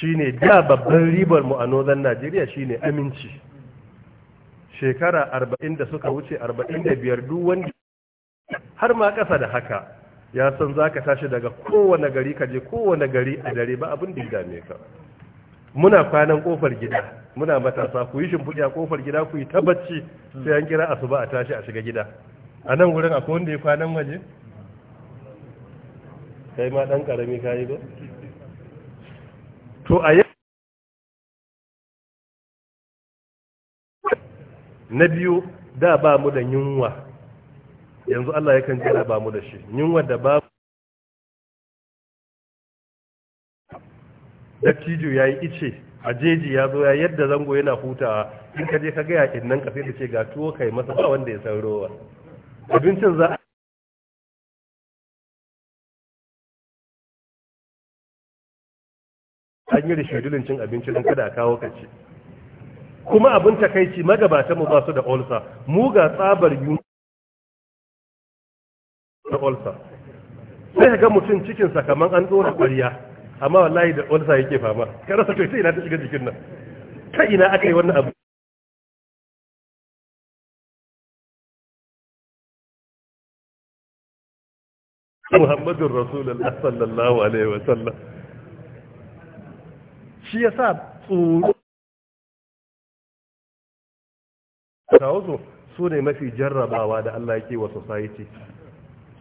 shine ne babban ribar mu a northern Najeriya shine aminci shekara 40 da suka wuce 45 duk wanda har ma ƙasa da haka ya san za ka tashi daga kowane gari ka je kowane gari a dare ba abin da ya dame ka muna kwanan kofar gida muna matasa ku yi shimfiɗi a kofar gida ku yi tabbaci sai an kira asuba a tashi a shiga gida a nan wurin akwai wanda ya kwanan waje kai ma ɗan ƙarami ka yi ba to a yau na biyu da ba mu da yunwa yanzu Allah yakan jira ba mu da shi yunwa da ba da dattijo ya yi ice a jeji ya zo ya yadda zango yana hutawa in ka je ka gaya kinnan ka sai da ce ga tuwo kai masa ba wanda ya san rowa abincin za a an yi rishedulin cin abinci don kada a kawo kace kuma abin takaici magabatanmu ba su da olsa mu ga tsabar yunwa da olsa sai ga mutum cikinsa kamar an ɗora ƙwariya amma wallahi da olsa yake fama ka rasa kai sai ina ta shiga jikin nan ta ina aka yi wannan abu Muhammadun Rasulullah sallallahu alaihi wa sallam shi sa tsoro tawazo su ne mafi jarrabawa da Allah yake wa society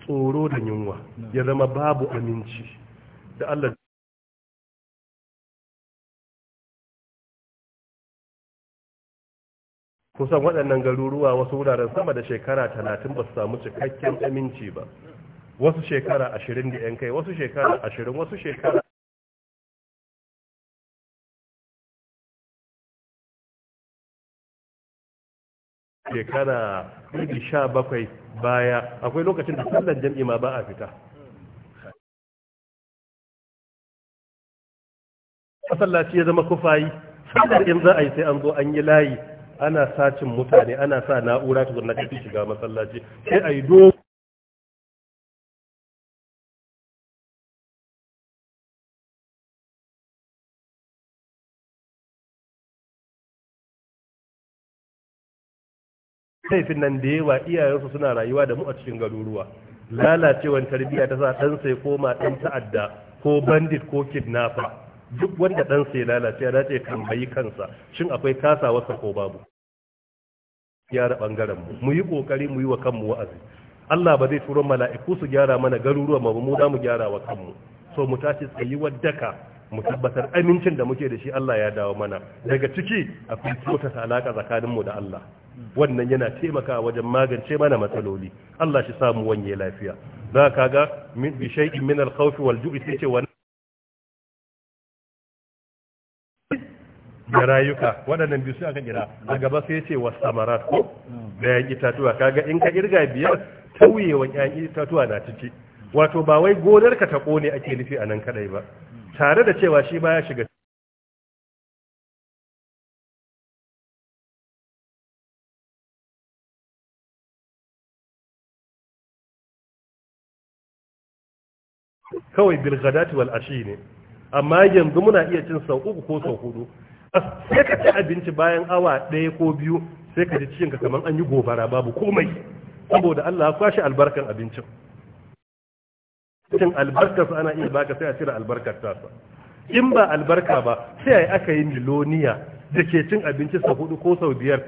tsoro da yunwa ya zama babu aminci da Allah kusan waɗannan garuruwa wasu wuraren sama da shekara talatin ba su samu cikakken aminci ba wasu shekara ashirin da yan kai wasu shekara ashirin wasu shekara shekara ɗari sha bakwai baya akwai lokacin da sallar jam'i ma ba a fita masallaci ya zama kufayi sallar in za a yi sai an zo an yi layi ana sacin mutane ana sa na'ura ta na kafi shiga masallaci sai a yi dogo laifin nan da yawa iyayensu suna rayuwa da mu a cikin garuruwa lalacewar tarbiyya ta sa ɗansa ya koma ɗan ta'adda ko bandit ko kidnapper duk wanda ɗansa ya lalace ya dace tambayi kansa shin akwai kasawarsa ko babu gyara bangaren mu mu yi ƙoƙari mu yi wa kanmu wa'azi Allah ba zai turo mala'iku su gyara mana garuruwa ba mu za mu gyara wa kanmu so mu tashi tsayuwar daka mu tabbatar amincin da muke da shi Allah ya dawo mana daga ciki akwai kyautata alaka tsakanin mu da Allah wannan yana taimakawa wajen magance mana matsaloli Allah shi samu wanye lafiya za ka ga bi shay'in min al-khawfi wal ju'i sai ce wannan rayuka waɗannan biyu sai aka kira a gaba sai ce wa samarat ko bayan itatuwa kaga in ka irga biyar tauyewan ƴaƴan itatuwa na ciki wato ba wai gonarka ka ta kone ake nufi anan nan kadai ba tare da cewa shi baya shiga shiga kawai bilgadati wal ashi ne amma yanzu muna iya cin sau uku ko sau hudu sai ka ci abinci bayan awa ɗaya ko biyu sai ka ji cikinka kamar an yi gobara babu komai saboda Allah ya kwashe albarkan abincin cin albarkarsa ana iya baka sai a cire albarkar tasa in ba albarka ba sai ai aka yi miloniya da ke cin abinci sau hudu ko sau biyar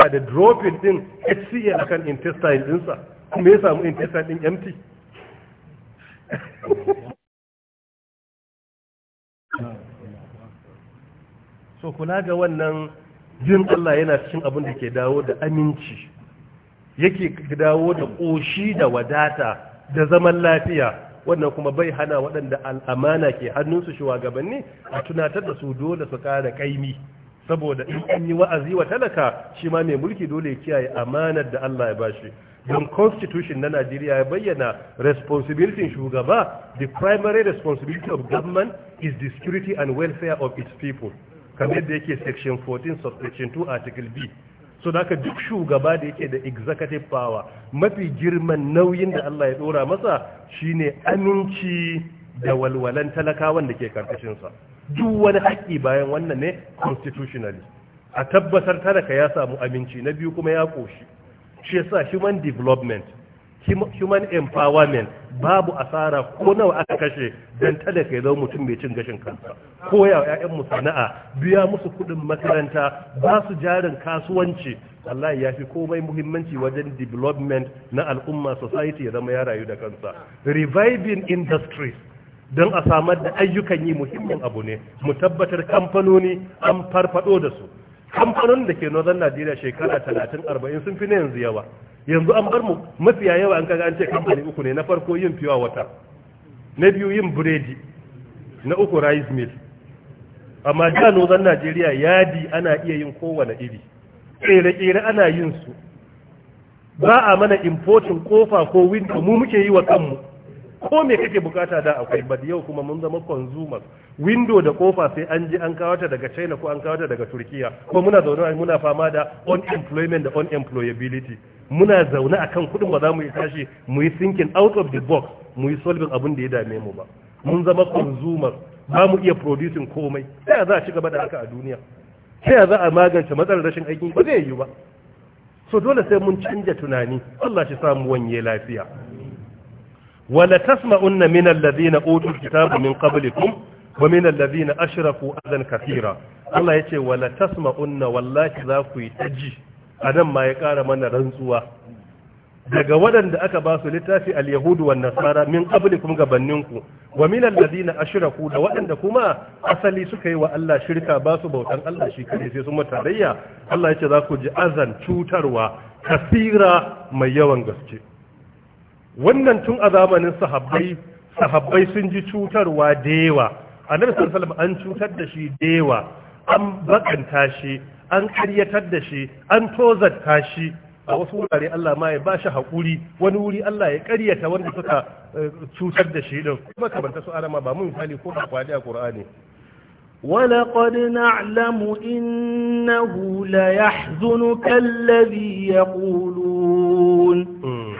a da dropping din hcl akan intestine dinsa kuma ya samu intestine din empty so kula ga wannan jin Allah yana cikin abin da ke dawo da aminci yake dawo da ƙoshi da wadata da zaman lafiya wannan kuma bai hana waɗanda al'amana ke hannunsu shugabanni a tunatar da su dole su ƙara ƙaimi saboda in an yi wa'azi wa talaka shi ma mai mulki dole ya kiyaye amanar da Allah ya bashi don constitution na Najeriya ya bayyana responsibility shugaba the primary responsibility of government is the security and welfare of its people kamar da yake section 14 subsection 2 article B so da duk shugaba da yake da executive power mafi girman nauyin da Allah ya dora masa shine aminci da walwalan talakawan da ke karkashinsa duk wani haƙƙi bayan wannan ne constitutionally a tabbatar talaka ya samu aminci na biyu kuma ya ƙoshi shi yasa human development human empowerment babu asara ko nawa aka kashe don talaka ya zama mutum mai cin gashin kansa koya yayan mu sana'a biya musu kuɗin makaranta ba su jarin kasuwanci Allah ya fi komai muhimmanci wajen development na al'umma society ya zama ya rayu da kansa reviving industries don a samar da ayyukan yi muhimmin abu ne mu tabbatar kamfanoni an farfado da su kamfanin da ke northern najeriya shekara talatin arba'in sun fi na yanzu yawa yanzu an bar mu mafiya yawa an kaga an ce kamfani uku ne na farko yin fiwa wata na biyu yin biredi na uku rice mill amma da northern najeriya yadi ana iya yin kowane iri kere-kere ana yin su ba a mana importin kofa ko window mu muke yi wa kanmu ko me kake bukata da akwai but yau kuma mun zama consumers window da kofa sai an ji an kawo ta daga China ko an kawo ta daga Turkiya ko muna zaune muna fama da on unemployment da unemployability muna zaune akan kudin ba za mu yi tashi mu yi thinking out of the box mu yi solving abin da ya dame mu ba mun zama consumers ba mu iya producing komai sai za a ci gaba da haka a duniya sai za a magance matsalar rashin aikin ba zai yi ba so dole sai mun canja tunani Allah shi samu wanye lafiya wala tasma'unna min alladhina utul kitaba min qablikum wa min alladhina ashrafu adan kathira Allah yace wala tasma'unna wallahi za ku yi taji anan ma ya kara mana rantsuwa daga waɗanda aka ba su littafi al-yahudu wan nasara min qablikum gabaninku wa min alladhina ashraku da waɗanda kuma asali suka yi wa Allah shirka ba su bautan Allah shi kadai sai sun mutarayya Allah yace za ku ji azan cutarwa kasira mai yawan gaske wannan tun a zamanin sahabbai sahabbai sun ji cutarwa da yawa annabi sallallahu an cutar da shi da yawa an bakanta shi an karyatar da shi an tozarta shi a wasu wurare Allah ma ya ba shi haƙuri wani wuri Allah ya karyata wanda suka eh, cutar da shi din kuma kamar ta su arama ba mun misali ko a kwadi a Qur'ani ولقد نعلم إنه ليحزنك الذي يقولون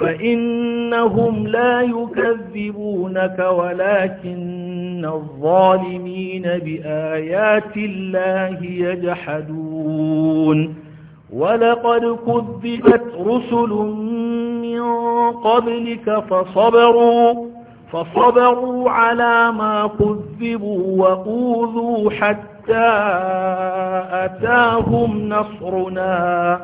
فإنهم لا يكذبونك ولكن الظالمين بآيات الله يجحدون ولقد كذبت رسل من قبلك فصبروا فصبروا على ما كذبوا وأوذوا حتى أتاهم نصرنا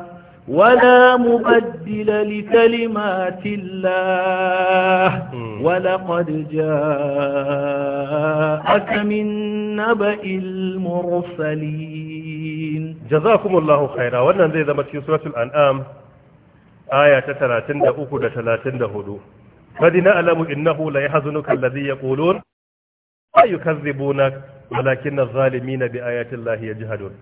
ولا مبدل لكلمات الله ولقد جاءك من نبأ المرسلين جزاكم الله خيرا وانا زي ذا متي سورة الأنعام آية 33 da قد نعلم إنه لا يحزنك الذي يقولون ويكذبونك ولكن الظالمين بآيات الله يجهدون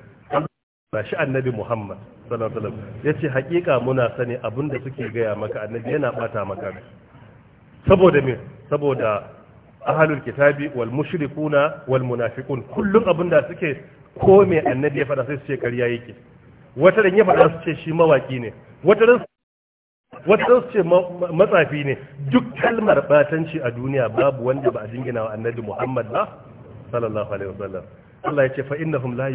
shi annabi Muhammad sallallahu alaihi wasallam yace hakika muna sani abinda suke gaya maka annabi yana bata maka saboda me saboda ahlul kitabi wal mushrikuna wal munafiqun kullum abinda suke ko annabi ya fada sai su ce ƙarya yake wata ya su ce shi ne wata ce matsafi ne duk kalmar batanci a duniya babu wanda ba a jingina wa annabi muhammad ba sallallahu alaihi wasallam Allah ya ce fa innahum la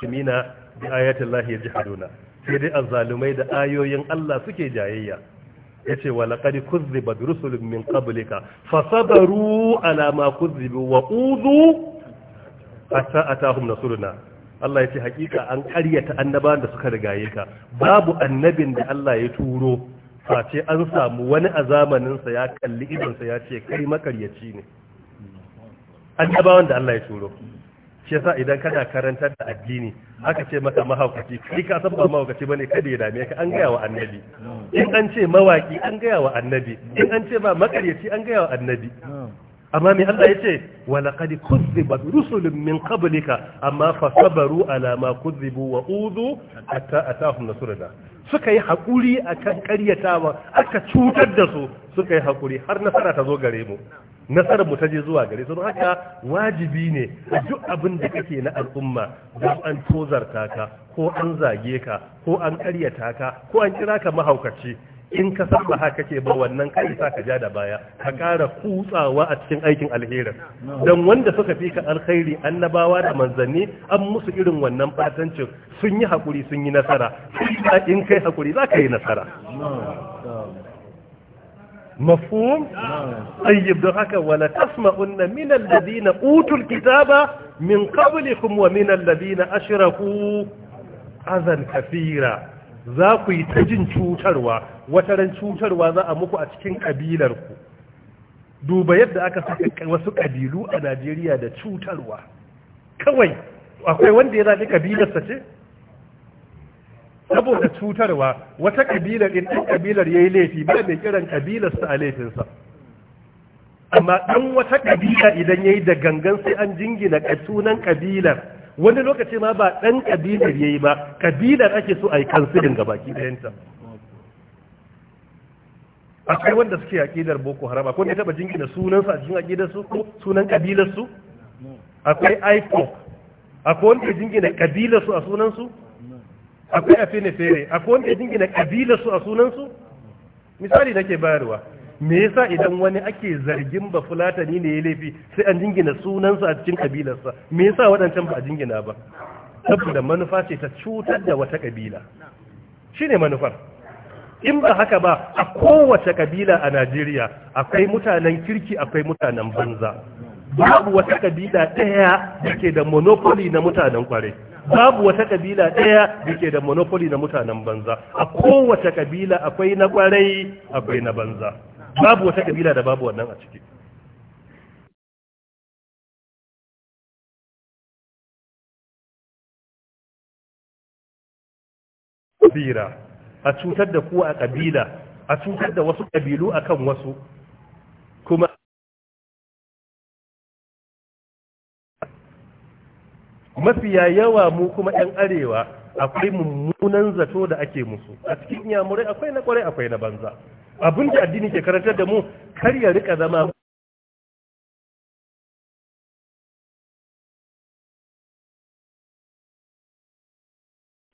kimina bi ayati Allah yajhaduna sai dai azzalumai da ayoyin Allah suke jayayya yace wa laqad kuzziba rusulun min qablika fasabaru ala ma kuzzibu wa udhu hatta atahum nasruna Allah ya ce hakika an karyata annabawan da suka yi ka babu annabin da Allah ya turo face an samu wani a zamaninsa ya kalli idonsa ya ce kai makaryaci ne annabawan da Allah ya turo shi yasa idan kana karantar da addini aka ce maka mahaukaci kai ka san ba mahaukaci bane kada ya dame ka an gaya wa annabi in an ce mawaki an gaya wa annabi in an ce ba makaryaci an gaya wa annabi amma mai Allah ya ce walaƙad ba rusulun min kabulika amma fasabaru alama ma bu wa udhu a atahum nasruna suka yi hakuri akan karyatawa aka cutar da su suka yi hakuri har nasara ta zo gare mu nasarar mu ta je zuwa gare su haka wajibi ne a duk abin da kake na al'umma da an tozarta ka ko an zage ka ko an karyata ka ko an kira ka mahaukaci in ka san ba haka ce ba wannan kai sa ka ja da baya ka ƙara kutsawa a cikin aikin alheri dan wanda suka fi ka alkhairi annabawa da manzanni an musu irin wannan fatancin sun yi hakuri sun yi nasara in kai hakuri za ka yi nasara مفهوم طيب دعك ولا تسمعن من الذين أوتوا الكتاب من قبلكم ومن الذين أشركوا أذى كثيرا za ku yi ta jin cutarwa wata ran cutarwa za a muku a cikin ƙabilarku? duba yadda aka saka wasu ƙabilu a Najeriya da cutarwa kawai akwai wanda ya zaɓi ƙabilarsa ce saboda cutarwa wata ƙabilar in ɗan ƙabilar ya yi laifi ba mai kiran ƙabilarsa a laifinsa amma ɗan wata ƙabila idan ya yi da gangan sai an jingina sunan ƙabilar. wani lokaci ma ba ɗan ƙabilar ya yi ba ƙabilar ake so a yi kansilin ga baki ɗayanta akwai wanda suke aƙidar boko haram akwai wanda ya taɓa jingina sunansa a cikin aƙidar su ko sunan ƙabilar su akwai ipop akwai wanda ya jingina ƙabilar su a sunansu akwai afinifere fere akwai wanda ya jingina ƙabilar su a sunansu misali nake bayarwa me yasa idan wani ake zargin ba fulatani ne ya laifi sai an jingina sunansa a cikin kabilarsa me yasa waɗancan ba a jingina ba saboda manufa ce ta cutar da wata kabila shine manufar in ba haka ba a kowace kabila a Najeriya akwai mutanen kirki akwai mutanen banza babu wata kabila ɗaya da ke da monopoli na mutanen kwarai babu wata kabila ɗaya da ke da monopoli na mutanen banza a kowace kabila akwai na kwarai akwai na banza babu wata kabila da babu wannan a ciki kabila a cutar da kuwa a kabila a cutar da wasu kabilu akan wasu kuma mafiya yawa mu kuma 'yan arewa akwai mummunan zato da ake musu a cikin yamurai akwai na kwarai akwai na banza abin da addini ke karantar da mu kar ya rika zama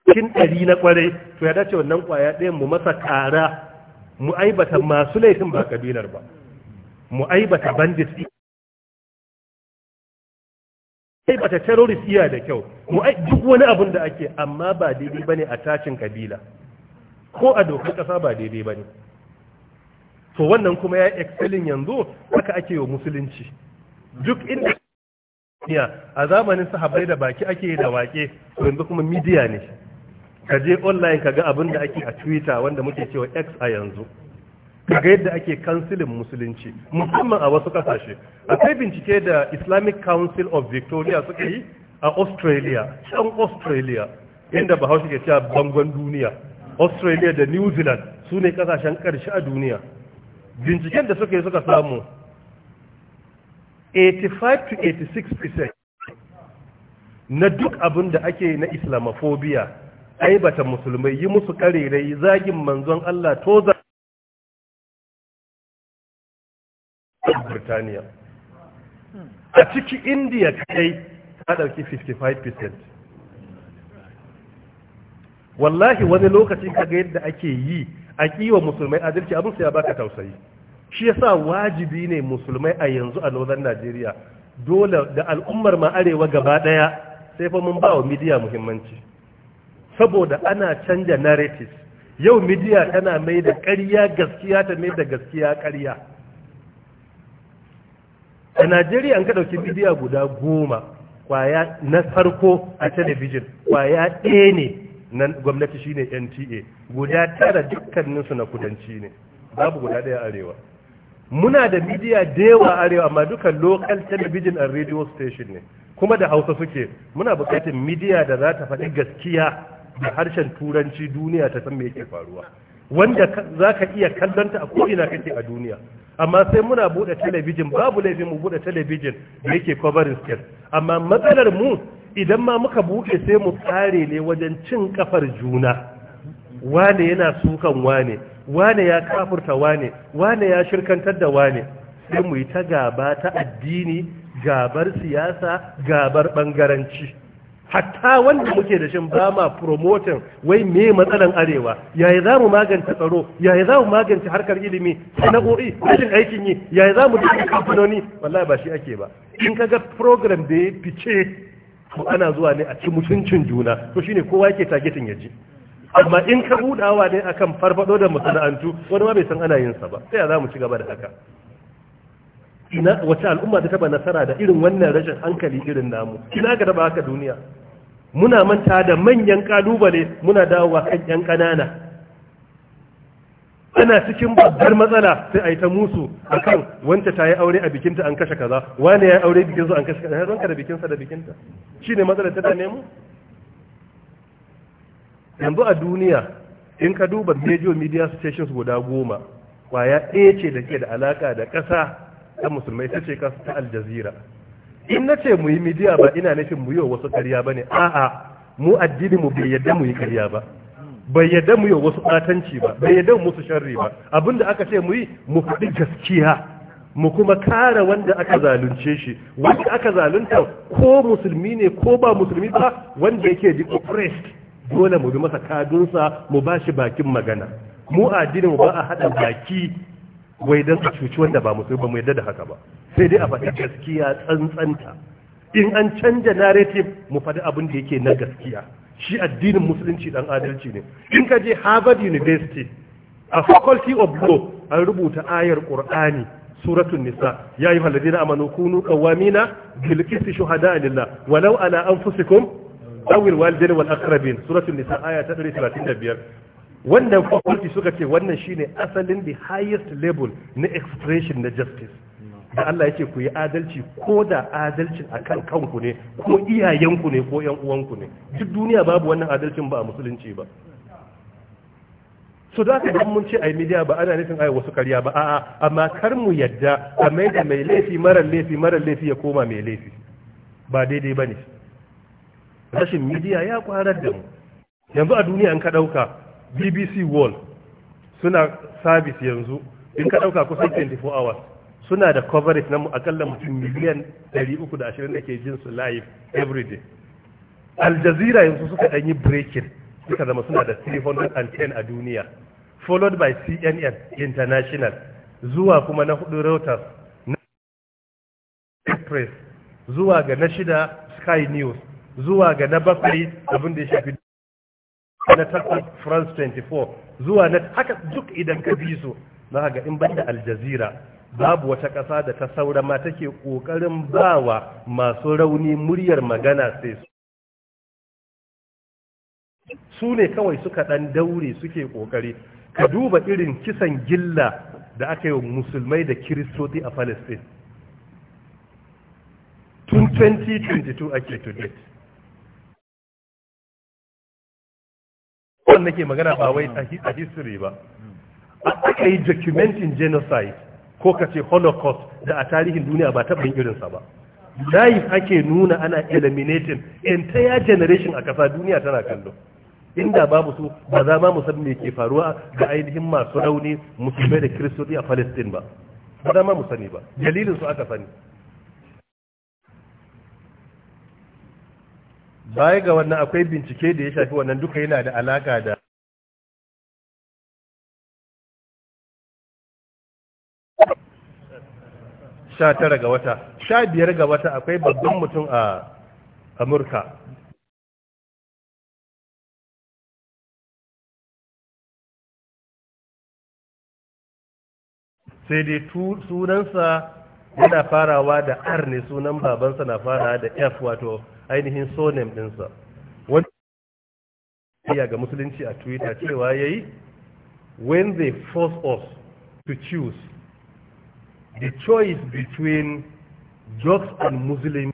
cikin ɗari na ƙwarai, to ya dace wannan kwaya ɗayan mu masa ƙara mu aibata masu laifin ba kabilar ba mu aibata bandit aibata terrorist iya da kyau mu duk wani abin da ake amma ba daidai bane a tashin kabila ko a dokar ƙasa ba daidai bane to wannan kuma ya excelling yanzu haka ake wa musulunci duk inda a zamanin sahabbai da baki ake da wake to yanzu kuma media ne ka je online ka ga abin da ake a twitter wanda muke cewa x a yanzu ka ga yadda ake kansilin musulunci musamman a wasu kasashe akwai bincike da islamic council of victoria suka yi a australia can australia inda bahaushe ke cewa bangon duniya australia da new zealand su ne kasashen karshe a duniya binciken da suka yi suka samu 85 86% na duk abin da ake na islamophobia aibata musulmai yi musu karerai zagin manzon Allah to za a ciki indiya kai ta ɗauki 55% wallahi wani lokacin kaga yadda ake yi a kiwa musulmai adalci abin sai ya baka tausayi shi yasa wajibi ne musulmai a yanzu a northern Najeriya dole da al'ummar ma arewa gaba daya sai fa mun ba wa midiya muhimmanci saboda ana canja narratives yau midiya tana mai da ƙarya gaskiya ta mai da gaskiya ƙarya a najeriya an ka ɗauki midiya guda goma kwaya na farko a talabijin kwaya ɗaya ne nan gwamnati shine NTA guda tara dukkaninsu na kudanci ne babu guda daya arewa muna da midiya da yawa arewa amma duka local television and radio station ne kuma da hausa suke muna bukatun midiya da za ta faɗi gaskiya da harshen turanci duniya ta san me yake faruwa wanda za ka iya kallonta a ko'ina kake a duniya amma sai muna buɗe talabijin babu laifin mu buɗe talabijin da yake covering scale amma matsalar mu idan ma muka buɗe sai mu tsare ne wajen cin kafar juna wane yana sukan wane wane ya kafurta wane wane ya shirkantar da wane sai mu yi ta gaba ta addini gabar siyasa gabar bangaranci hatta wanda muke da shin ba ma promoting wai me matsalan arewa yayi za mu magance tsaro yayi za mu magance harkar ilimi sana'o'i rashin aikin yi yayi za mu duka kamfanoni wallahi ba shi ake ba in kaga program da ya fice to ana zuwa ne a ci mutuncin juna to shine kowa yake targetin ya amma in ka budawa ne akan farfado da masana'antu wani ma bai san ana yin sa ba sai za mu ci gaba da haka ina wace al'umma ta taba nasara da irin wannan rashin hankali irin namu ina ga taba haka duniya muna manta da manyan kalubale muna dawowa kan yan kanana ana cikin babbar matsala sai a yi ta musu akan wanta ta yi aure a bikinta an kashe kaza Wani ya yi aure bikin su an kashe kaza ranka da bikinsa da bikinta shi ne matsalar ta dame mu yanzu a duniya in ka duba major media stations guda goma kwaya ɗaya ce da ke da alaka da ƙasa ta musulmai ta ce kasu ta aljazira in na ce mu yi media ba ina nufin mu yi wa wasu karya ba ne a'a mu addini mu bai yadda mu yi karya ba bai yadda mu yi wasu ɓatanci ba bai yadda mu su sharri ba da aka ce mu yi mu faɗi gaskiya mu kuma kare wanda aka zalunce shi wanda aka zalunta ko musulmi ne ko ba musulmi ba wanda yake di oppressed dole mu bi masa kadunsa mu ba shi bakin magana mu addinin mu ba a haɗa baki wai don a cuci wanda ba musulmi ba mu yadda da haka ba sai dai a faɗi gaskiya tsantsanta in an canja narrative mu faɗi abin da yake na gaskiya shi addinin musulunci dan adalci ne in ka je harvard university a faculty of law an rubuta ayar qur'ani suratul nisa ya ayyuha alladhina amanu kunu qawamina bil qisti shuhada'a lillah walau ala anfusikum aw al walidayni wal aqrabin suratul nisa aya ta 135 wannan faculty suka ce wannan shine asalin the highest level na expression na justice da Allah yake ku yi adalci ko da adalcin a kan kanku ne ko iyayenku ne ko yan uwanku ne duk duniya babu wannan adalcin ba a musulunci ba so da aka mun ce ai midiya ba ana nufin ai wasu karya ba a'a amma kar mu yadda a mai da mai laifi marar laifi marar laifi ya koma mai laifi ba daidai bane rashin midiya ya kwarar da mu yanzu a duniya an ka dauka BBC World suna sabis yanzu in ka dauka kusan 24 hours suna da coverage na akalla mutum miliyan 320 da ke jin su live every day al jazeera yanzu suka dan yi breaking suka zama suna da 310 a duniya followed by cnn international zuwa kuma na hudu reuters na press zuwa ga na shida sky news zuwa ga na bakwai abin da ya shafi na takwas france 24 zuwa na haka duk idan ka bi su na ga in banda al jazeera babu wata ƙasa da ta saura ma take ƙoƙarin bawa masu rauni muryar magana sai su su ne kawai suka ɗan daure suke ƙoƙari ka duba irin kisan gilla da aka yi musulmai da kiristoci a palestine tun 2022 ake to date wannan ke magana ba wai a history ba aka yi documentin genocide ko ka ce holocaust da a tarihin duniya ba taɓin yin irinsa ba life ake nuna ana eliminating entire generation a kasa duniya tana kallo inda babu su ba za ma musamman me ke faruwa ga ainihin masu rauni musulmai da kiristoci a palestine ba ba za ma mu ba dalilin su aka sani baya ga wannan akwai bincike da ya shafi wannan duka yana da alaka da sha tara ga wata sha biyar ga wata akwai babban mutum a amurka sai dai sunansa yana farawa da r ne sunan babansa na fara da f wato ainihin sonem dinsa wani ya ga musulunci a twitter cewa ya yi when they force us to choose the choice between Jews and Muslims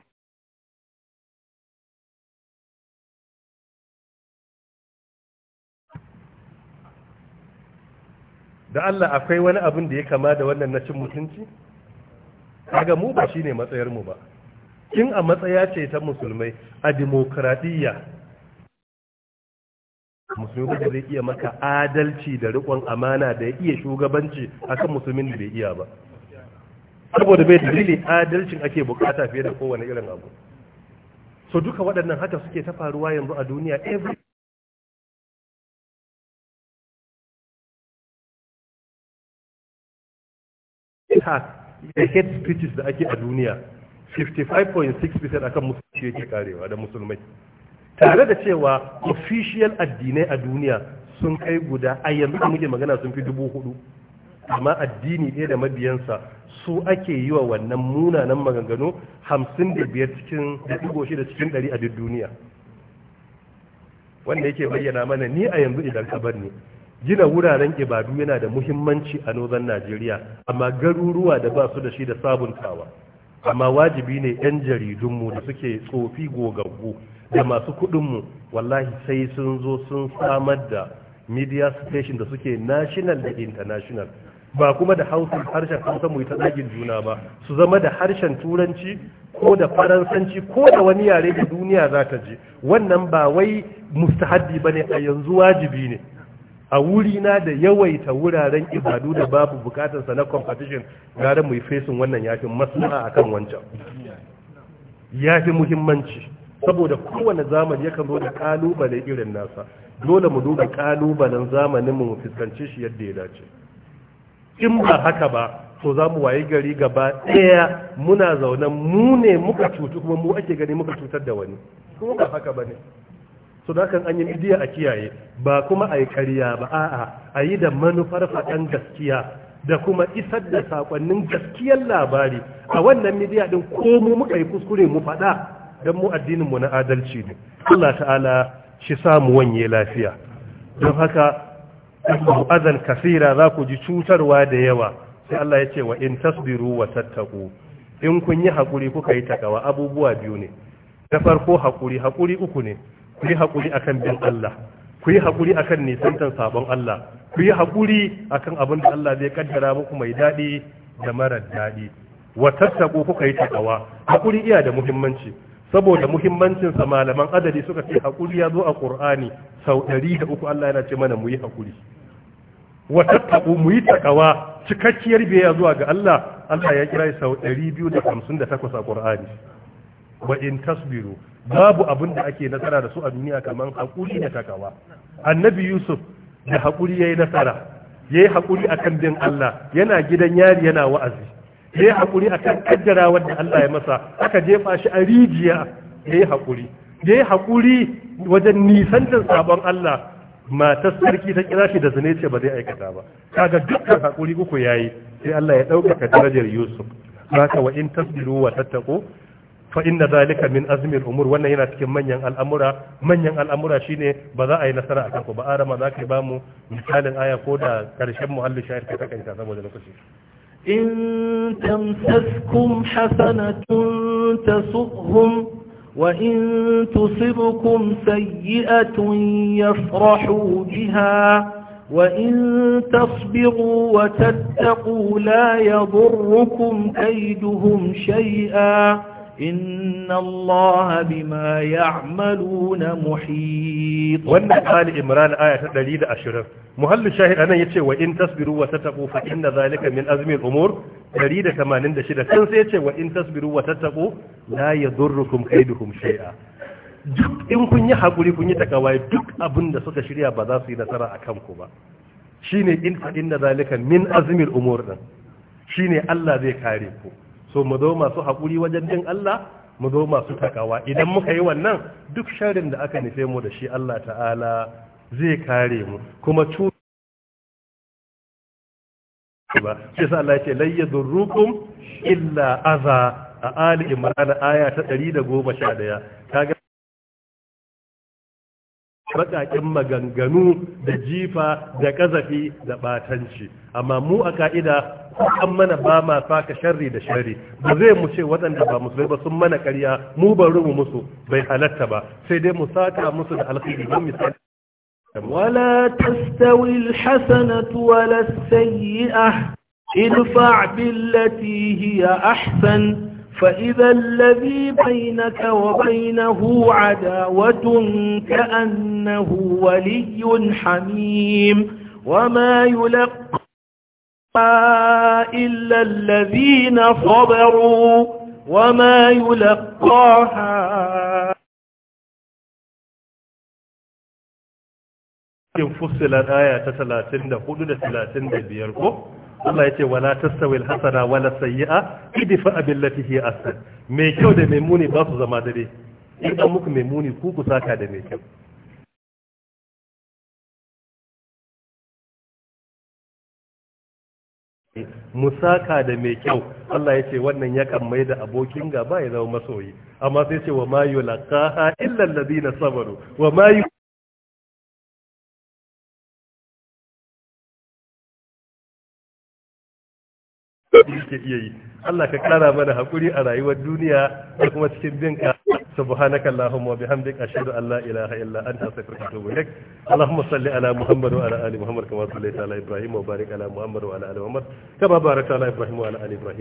da Allah akwai wani abin da ya kama da wannan na cin mutunci? kaga mu ba shine matsayarmu ba Kin a matsaya ce ta musulmai a demokradiyya musulmi da zai iya maka adalci da riƙon amana da ya iya shugabanci akan musulmin da bai iya ba saboda bai dalili adalcin ake bukata fiye da kowane irin abu so duka waɗannan haka suke ta faruwa yanzu a duniya every da hate speeches da ake a duniya 55.6% akan musulunci yake karewa da musulmai tare da cewa official addinai a duniya sun kai guda a yanzu muke magana sun fi dubu hudu amma addini ɗaya da mabiyansa su ake yi wa wannan munanan maganganu hamsin cikin digo cikin ɗari a duk duniya wanda yake bayyana mana ni a yanzu idan ka bar ni gina wuraren ibadu yana da muhimmanci a nozan najeriya amma garuruwa da ba su da shi da sabuntawa amma wajibi ne 'yan jaridunmu da suke tsofi gogaggu da masu kuɗinmu wallahi sai sun zo sun samar da media station da suke national da international ba kuma da hausin harshen hausa mu ta ɗagin juna ba su zama da harshen turanci ko da faransanci ko da wani yare da duniya za ta je wannan ba wai mustahaddi ba ne a yanzu wajibi ne a wurina da yawaita wuraren ibadu da babu bukatarsa na competition gara mu fesin wannan ya fi masana a kan wancan ya fi muhimmanci saboda kowane zamani yakan zo da kalubale irin nasa dole mu duba kalubalen zamanin mu fuskanci shi yadda ya dace in ba haka ba to za mu wayi gari gaba ɗaya muna zaune mu ne muka cutu kuma mu ake gani muka cutar da wani kuma ba haka ba ne so da kan an yi midiya a kiyaye ba kuma a yi ƙarya ba a'a a yi da manufar faɗan gaskiya da kuma isar da sakonnin gaskiyar labari a wannan midiya din ko mu muka yi kuskure mu faɗa don mu addinin mu na adalci ne Allah ta'ala shi samu wanye lafiya don haka tasbihu azan kasira za ku ji cutarwa da yawa sai Allah ya ce wa in tasbiru wa tattaku in kun yi haƙuri kuka yi takawa abubuwa biyu ne ta farko hakuri hakuri uku ne ku yi hakuri akan bin Allah ku yi hakuri akan nisantan sabon Allah ku yi hakuri akan abin da Allah zai kaddara muku mai daɗi da marar daɗi wa tattaku kuka yi takawa Haƙuri iya da muhimmanci saboda muhimmancin sa malaman adadi suka ce hakuri ya zo a Qur'ani sau uku, Allah yana ce mana mu yi hakuri wa tattabu mu yi takawa cikakkiyar biyayya zuwa ga Allah Allah ya kira sau 258 a Qur'ani wa in tasbiru babu abin da ake nasara da su a duniya kamar hakuri da takawa annabi Yusuf da hakuri yayi nasara yayi hakuri akan bin Allah yana gidan yari yana wa'azi yayi hakuri akan kaddara wanda Allah ya masa aka jefa shi a rijiya yayi hakuri yayi hakuri wajen nisan da sabon Allah matar sarki ta kira shi da zane ce ba zai aikata ba kaga dukkan hakuri uku yayi sai Allah ya ɗaukaka darajar Yusuf haka wa in tasbiru wa tattaqu fa inna zalika min azmi al-umur wannan yana cikin manyan al'amura manyan al'amura shine ba za a yi nasara akan ku ba arama za ka ba mu misalin aya ko da karshen muhallin shayar ka takaita saboda lokaci in tamsaskum hasanatun tasuhum وإن تصبكم سيئة يفرحوا بها وإن تصبروا وتتقوا لا يضركم أيدهم شيئا إن الله بما يعملون محيط وأن قال إمران آية دليل أشرف مهل الشاهد أنا يتشي وإن تصبروا وتتقوا فإن ذلك من أزم الأمور دليل كما نندشد تنسي يتشي وإن تصبروا وتتقوا لا يضركم كيدهم شيئا duk in kun yi haƙuri kun yi takawaye duk abin da suka shirya ba za su yi nasara a kanku ba shine in fa'in da zalika min azmil umur din shine Allah zai kare ku so mu zo masu haƙuri wajen jin Allah mu zo masu takawa idan muka yi wannan duk sharin da aka nufe mu da shi Allah ta'ala zai kare mu kuma cu ba shi sa Allah ce layya durrukum illa aza a ali imran aya ta 111 baƙaƙen maganganu da jifa da ƙazafi da ɓatanci amma mu a ka'ida an mana ba ma saka sharri da sharri ba zai mu ce waɗanda ba musulmai ba sun mana ƙarya mu bari mu musu bai halatta ba sai dai mu saka musu da alkhairi don misali ولا تستوي الحسنة ولا السيئة ادفع بالتي هي أحسن فإذا الذي بينك وبينه عداوة كأنه ولي حميم وما يلقى إلا الذين صبروا وما يلقاها فصل الآية 34 35 Allah ya ce wala tastawil hasana wala sayyi'a idfa billati hi asad mai kyau da mai muni ba su zama dare idan muku mai muni ku ku saka da mai kyau musaka da mai kyau Allah ya ce wannan yakan mai da abokin gaba ya zama masoyi amma sai ce wa ma yulqaha illa alladhina sabaru wa ma muke iya yi Allah ka kara mana hakuri a rayuwar duniya da kuma cikin binka subhanaka allahumma wa bihamdika ashhadu an la ilaha illa anta astaghfiruka wa atubu ilaik allahumma salli ala muhammad wa ala ali muhammad kama sallaita ala ibrahim wa barik ala muhammad wa ala ali muhammad kama barakta ala ibrahim wa ala ali ibrahim